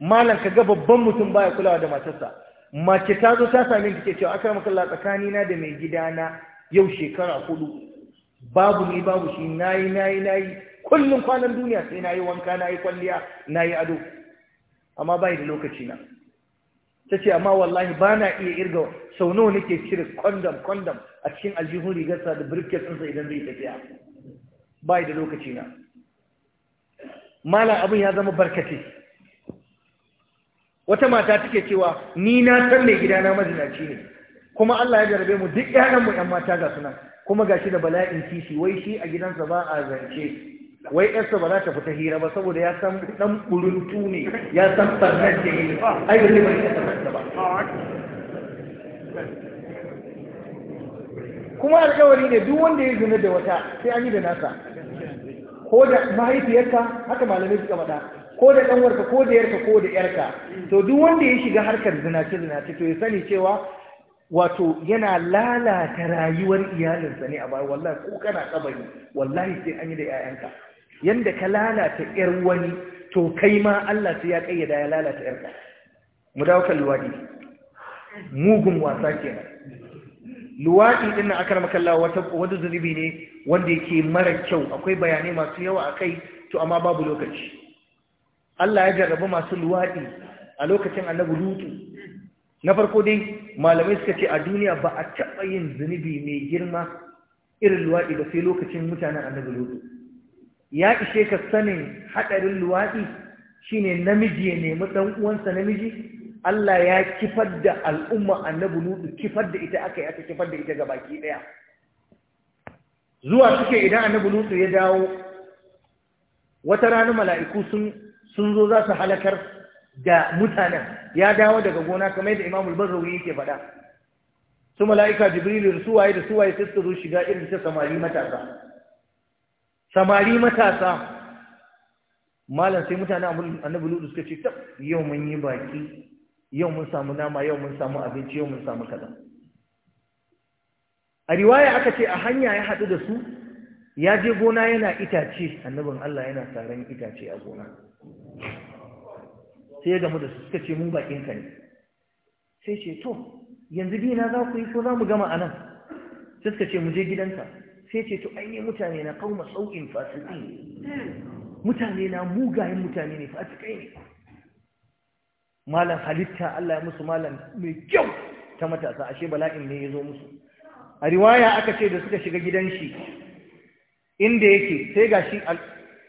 malam ka ga babban mutum baya kulawa da matarsa mace ta zo ta sami ki ce cewa akrama kallah tsakanina da mai gidana yau shekara hudu babu ni babu shi nayi nayi nayi kullum kwanan duniya sai nayi wanka nayi kwalliya nayi ado amma bai da lokaci na ta ce amma wallahi ba na iya irga sau nawa nake cire kwandam-kwandam a cikin aljihun rigarsa da briefcase ɗinsa idan zai tafiya ba da lokaci na mala abin ya zama barkati wata mata take cewa ni na san mai gidana mazinaci ne kuma Allah ya jarabe mu duk mu ‘yan mata ga suna kuma gashi da bala'in kishi wai shi a gidansa ba a zance wai ‘yarsa ba za ta fita hira ba saboda ya san ɗan ƙurintu ne ya san farnar da yi ai da zai Ah, kuma alƙawari ne duk wanda ya zina da wata sai an yi da nasa ko da mahaifiyarka haka malamai suka faɗa ko da ɗanwarka ko da yarka ko da yarka to duk wanda ya shiga harkar zinace zinace to ya sani cewa wato yana lalata rayuwar iyalinsa ne a baya wallahi ko kana kabari wallahi sai an yi da 'ya'yanka yanda ka lalata 'yar wani to kai ma Allah sai ya kayyada ya lalata ƴarka. mu dawo kan luwaɗi mugun wasa kenan luwaɗi din na akar makalla wata zunubi ne wanda yake mara kyau akwai bayanai masu yawa a kai to amma babu lokaci Allah ya jarraba masu luwaɗi a lokacin annabi lutu na farko dai malamai suka ce a duniya ba a taɓa yin zunubi mai girma irin luwaɗi ba sai lokacin mutanen annabi lutu ya ishe ka sanin haɗarin luwaɗi shine namiji ya nemi ɗan uwansa namiji Allah ya kifar da al'umma annabi Nuhu kifar da ita aka yi aka kifar da ita gabaki ɗaya. zuwa suke idan annabi Nuhu ya dawo wata rana mala'iku sun zo za su halakar da mutanen ya dawo daga gona kamar da Imam barrawi bazrawi yake faɗa su mala'ika Jibril da suwaye da suwaye sai su zo shiga irin ta samari matasa samari matasa malam sai mutane annabi Nuhu suka ce ta yau mun yi baki yau mun samu nama yau mun samu abinci yau mun samu kaza a riwaya aka ce a hanya ya haɗu da su ya je gona yana itace annabin Allah yana saran itace a gona sai ya gamu da su suka ce mun bakin ka ne sai ce to yanzu bi na za ku yi ko za mu gama anan sai suka ce mu je gidanka sai ce to ai mutane na kauma sau'in fasiki hmm. mutane na mugayen mutane ne fasikai ne malam halitta Allah ya musu malam mai kyau ta matasa ashe bala'in ne ya zo musu a riwaya aka ce da suka shiga gidan shi inda yake sai ga shi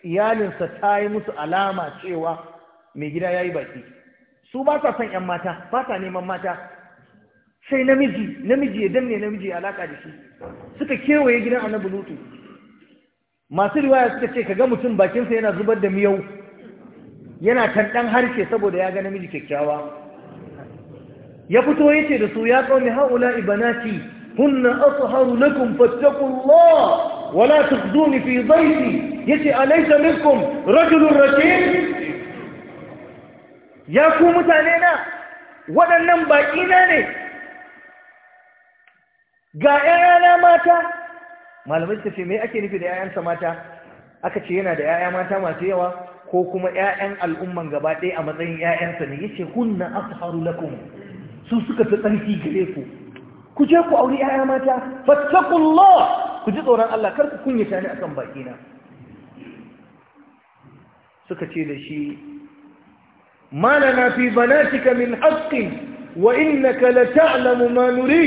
iyalinsa ta yi musu alama cewa mai gida ya yi baki su ba sa son ‘yan mata ba sa neman mata sai namiji namiji ya danne namiji ya alaka da shi suka kewaye gidan annabi lutu masu riwaya suka ce ka ga mutum bakinsa yana zubar da miyau yana tanɗan harshe saboda ya ga namiji kyakkyawa ya fito ya ce da su ya qaumi haula ibanati hunna atharu lakum fattaqullah wala tuqduni fi ya yace alaysa minkum rajulun rake. ya ku mutane na waɗannan baƙi na ne ga 'ya'yana mata malamai ta ce me ake nufi da 'ya'yansa mata aka ce yana da 'ya'ya mata masu yawa ko kuma ‘ya'yan al'umman gaba ɗaya a matsayin ‘ya'yansa ne ya ce hunna asharu lakum su suka fi tsarki gare ku ku je ku auri ‘ya'ya mata fattakullah ku ji tsoron Allah kar ku kunyata ni kan bakina suka ce da shi Malama lana fi banatika min haqqin wa innaka la ta'lamu ma nuri?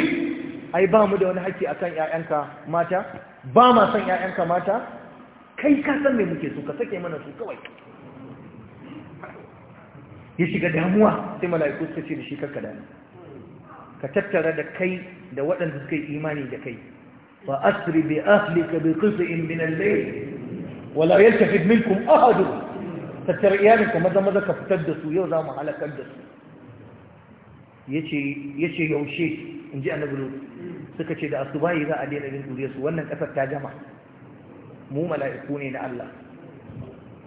ai ba mu da wani haƙƙi akan ‘ya'yanka mata ba ma son ‘ya'yanka mata kai ka san me muke so ka sake mana su kawai ya shiga damuwa sai mala'iku suka ce da shi kakka damu ka tattara da kai da waɗanda suka yi imani da kai asiri asri bi ahlika bi qis'in min al-layl wala yaltafit minkum ahad tattara iyalinka maza maza ka fitar da su yau za mu halakar da su ya ce yaushe in ji annabi lut suka ce da asubahi za a daina jin duriyar su wannan ƙasar ta jama. mu mala'iku ne na Allah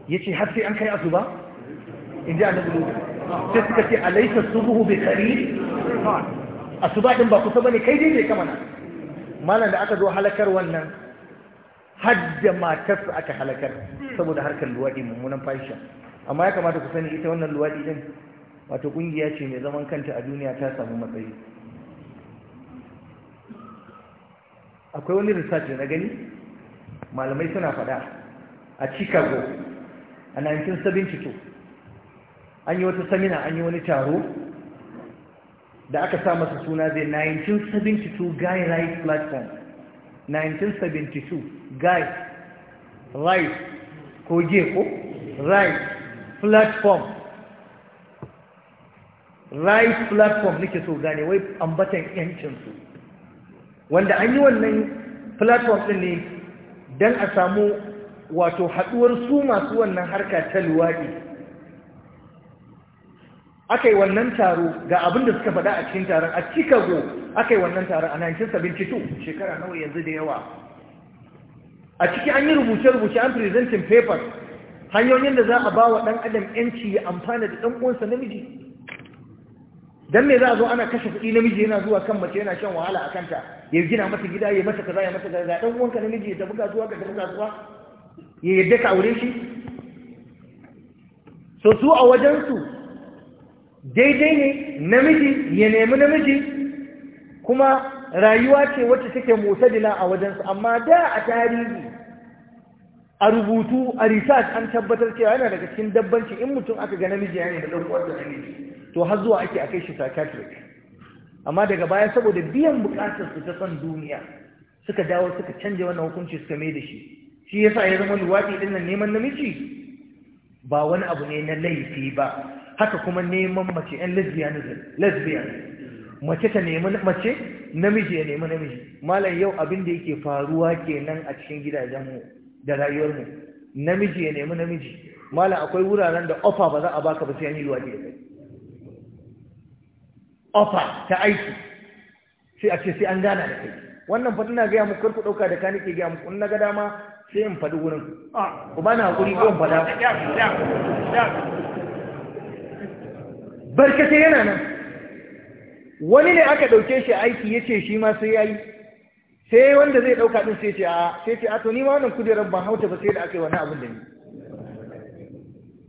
ya ce har sai an kai asuba in ji annabi sai suka ce alaysa subuhu bi tsari a din ba kusa bane kai dai ne na. malam da aka zo halakar wannan hajja matarsa aka halakar saboda harkar luwaɗi mummunan fahisha amma ya kamata ku sani ita wannan luwaɗi din wato ƙungiya ce mai zaman kanta a duniya ta samu matsayi akwai wani research da na gani malamai suna faɗa a chicago a 1972 an yi wata samina an yi wani taro da aka sa masa suna zai 1972 guy rights platform 1972 guy rights ko je ko rights platform rights platform nake so gane wai ambatan yancinsu wanda an yi wannan platform din ne don a samu wato haduwar su masu wannan harka ta luwaɗi aka yi wannan taro ga abin da suka faɗa a cikin taron a chicago aka yi wannan taron a 1972 shekara nawa yanzu da yawa a ciki an yi rubuce-rubuce an presenting papers hanyoyin da za a ba wa ɗan adam yanci ya amfana da ɗan uwansa namiji dan me za a zo ana kashe kuɗi namiji yana zuwa kan mace yana shan wahala a kanta ya gina mata gida ya mata kaza ya mata kaza ɗan uwanka namiji ya tafi kasuwa ka tafi kasuwa ya yadda ka aure shi so su a su. daidai ne namiji ya nemi namiji kuma rayuwa ce wacce take dila a wajensu amma da a tarihi a rubutu a research an tabbatar cewa yana daga cikin dabbanci in mutum aka ga namiji ya da ɗan da namiji to har zuwa ake akai shi psychiatric amma daga baya saboda biyan bukatar su ta son duniya suka dawo suka canja wannan hukunci suka mai da shi shi yasa ya zama luwaɗi ɗin nan neman namiji ba wani abu ne na laifi ba haka kuma neman mace yan lesbian mace ta nemi mace namiji ya nemi namiji malam yau abin da yake faruwa kenan a cikin gidajenmu da rayuwarmu namiji ya nemi namiji malam akwai wuraren da ofa ba za a baka ba sai an yi luwaɗi da kai ofa ta aiki sai a ce sai an gana da kai wannan fa na gaya muku karku ɗauka da ka nake gaya muku in na ga dama sai in faɗi wurin ah, ku ba na haƙuri ko in faɗa barkata yana nan wani ne aka ɗauke shi aiki ya ce shi ma sai ya yi sai wanda zai ɗauka ɗin sai ce a sai ce a to ni ma wannan kujerar ban hauta ba sai da aka yi wani abin da ni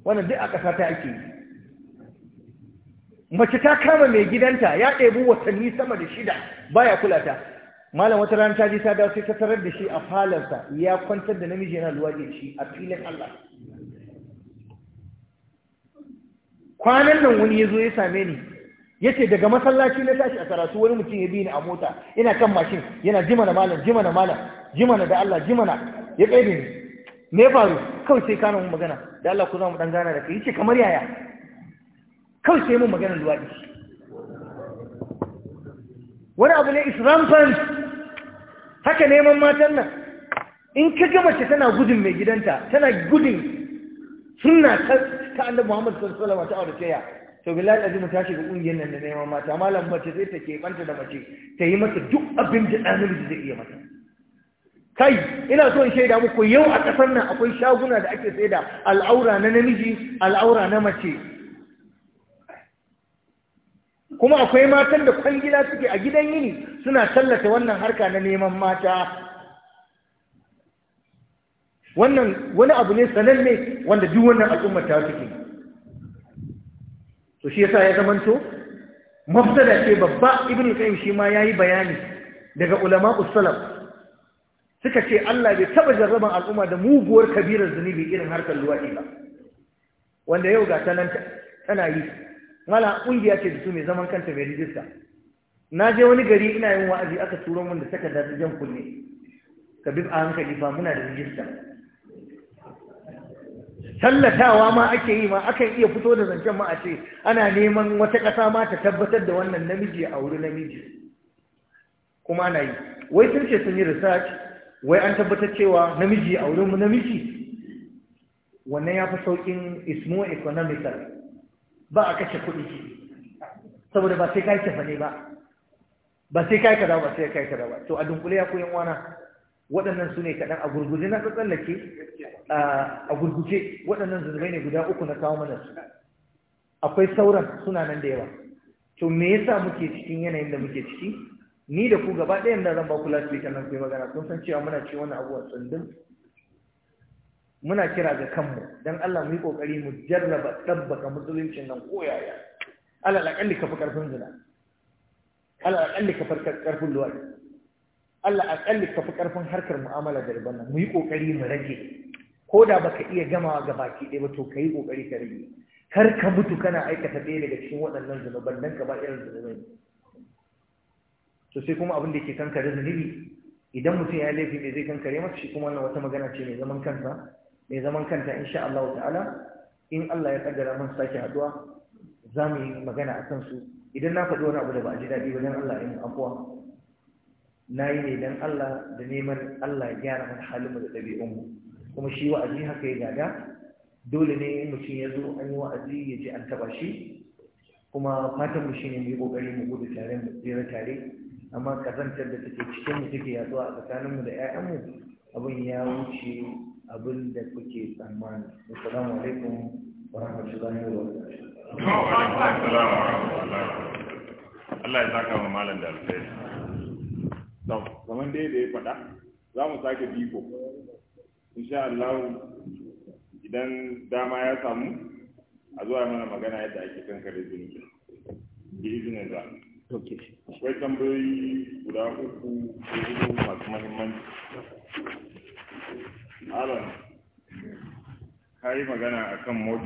wannan duk a ƙasa ta ake yi mace ta kama mai gidanta ya ɗebi watanni sama da shida baya kula ta malam wata rana ta ji ta dawo sai ta tarar da shi a falarsa ya kwantar da namiji yana luwaɗi da shi a filin Allah kwanan nan wani ya zo ya same ni ya ce daga masallaci na tashi a karatu wani mutum ya bi ni a mota ina kan mashin yana jima na malam jima na malam jima na da Allah jima na ya kaibe ni me faru kawai sai kana mun magana da Allah ku za mu dan gana da kai yace kamar yaya kawai sai mun magana luwadi wani abu ne islam fan haka neman matan nan in ka ga mace tana gudun mai gidanta tana gudun sunna ta annabi Muhammad sallallahu alaihi wasallam ta aure taya to billahi azim ta shiga kungiyar nan da neman mata malam mace sai ta ke banta da mace ta yi mata duk abin da namiji zai iya mata kai ina so in shaida muku yau a kasar nan akwai shaguna da ake saida al'aura na namiji al'aura na mace kuma akwai matan da kwangila suke a gidan yini suna tallata wannan harka na neman mata wannan wani abu ne sananne wanda duk wannan al'ummar ta take to shi yasa ya zamanto mafsada ce babba ibn qayyim shi ma yayi bayani daga ulama usalaf suka ce Allah bai taba jarraban al'umma da muguwar kabirar zunubi irin harkar luwadi ba wanda yau ga tananta tana yi mala kungiya ce da su mai zaman kanta mai rijista na je wani gari ina yin wa'azi aka turo mun da saka da jan kunne ka bi a hankali fa muna da rijista tallatawa ma ake yi ma akan iya fito da zancen ma a ce ana neman wata ƙasa ma ta tabbatar da wannan namiji a wuri namiji kuma ana yi wai sun ce sun yi research wai an tabbatar cewa namiji a wurin namiji wannan ya fi sauƙin is more economical ba a kashe kuɗi saboda ba sai kai yi ba ba sai kai kaza ba sai kai ka ba to a dunkule ya koyan wana waɗannan su ne kaɗan a gurguje na tsallake a gurguje waɗannan zunubai ne guda uku na kawo mana su akwai sauran suna nan da yawa to me yasa muke cikin yanayin da muke ciki ni da ku gaba ɗayan da zan ba ku lafiya nan kai magana kun san cewa muna ci wani abuwa tsundum muna kira ga kanmu don Allah mu yi kokari mu jarraba tabbata musuluncin nan ko yaya alal akalli ka fi karfin zina alal akalli ka fi karfin luwadi Allah aƙalli ka fi ƙarfin harkar mu'amala da riban nan mu yi ƙoƙari mu rage ko da baka iya gamawa ga baki ɗaya ba to ka yi ƙoƙari ka rage kar ka mutu kana aikata ɗaya daga cikin waɗannan zunuban dan ka ba irin zunubai to sai kuma abin da ke kankare zunubi idan mutum ya laifi ne zai kankare masa shi kuma wannan wata magana ce mai zaman kanta mai zaman kanta insha Allah ta'ala in Allah ya kaddara mun sake haɗuwa za mu yi magana a kansu idan na faɗi wani abu da ba a ji daɗi ba don Allah ya yi afuwa na yi ne don Allah da neman Allah ya gyara mana halin da ɗabi'unmu kuma shi wa'azi haka ya gada dole ne mutum ya zo an yi wa'azi ya ji an taɓa shi kuma fatan mu shine mu yi ƙoƙari mu gudu tare mu tsira tare amma kazantar da take cikin mu take yaduwa a tsakanin mu da ƴaƴanmu abin ya wuce abin da kuke tsammani assalamu alaikum wa rahmatullahi wa barakatuh Allah ya saka wa malam da alkhairi sau kamar dai da ya faɗa za mu sake biko insha Allah idan dama ya samu a zuwa mana magana yadda ake kankare zunubi da izinin za akwai tambayoyi guda uku ko hudu masu mahimmanci Alan ka yi magana akan modi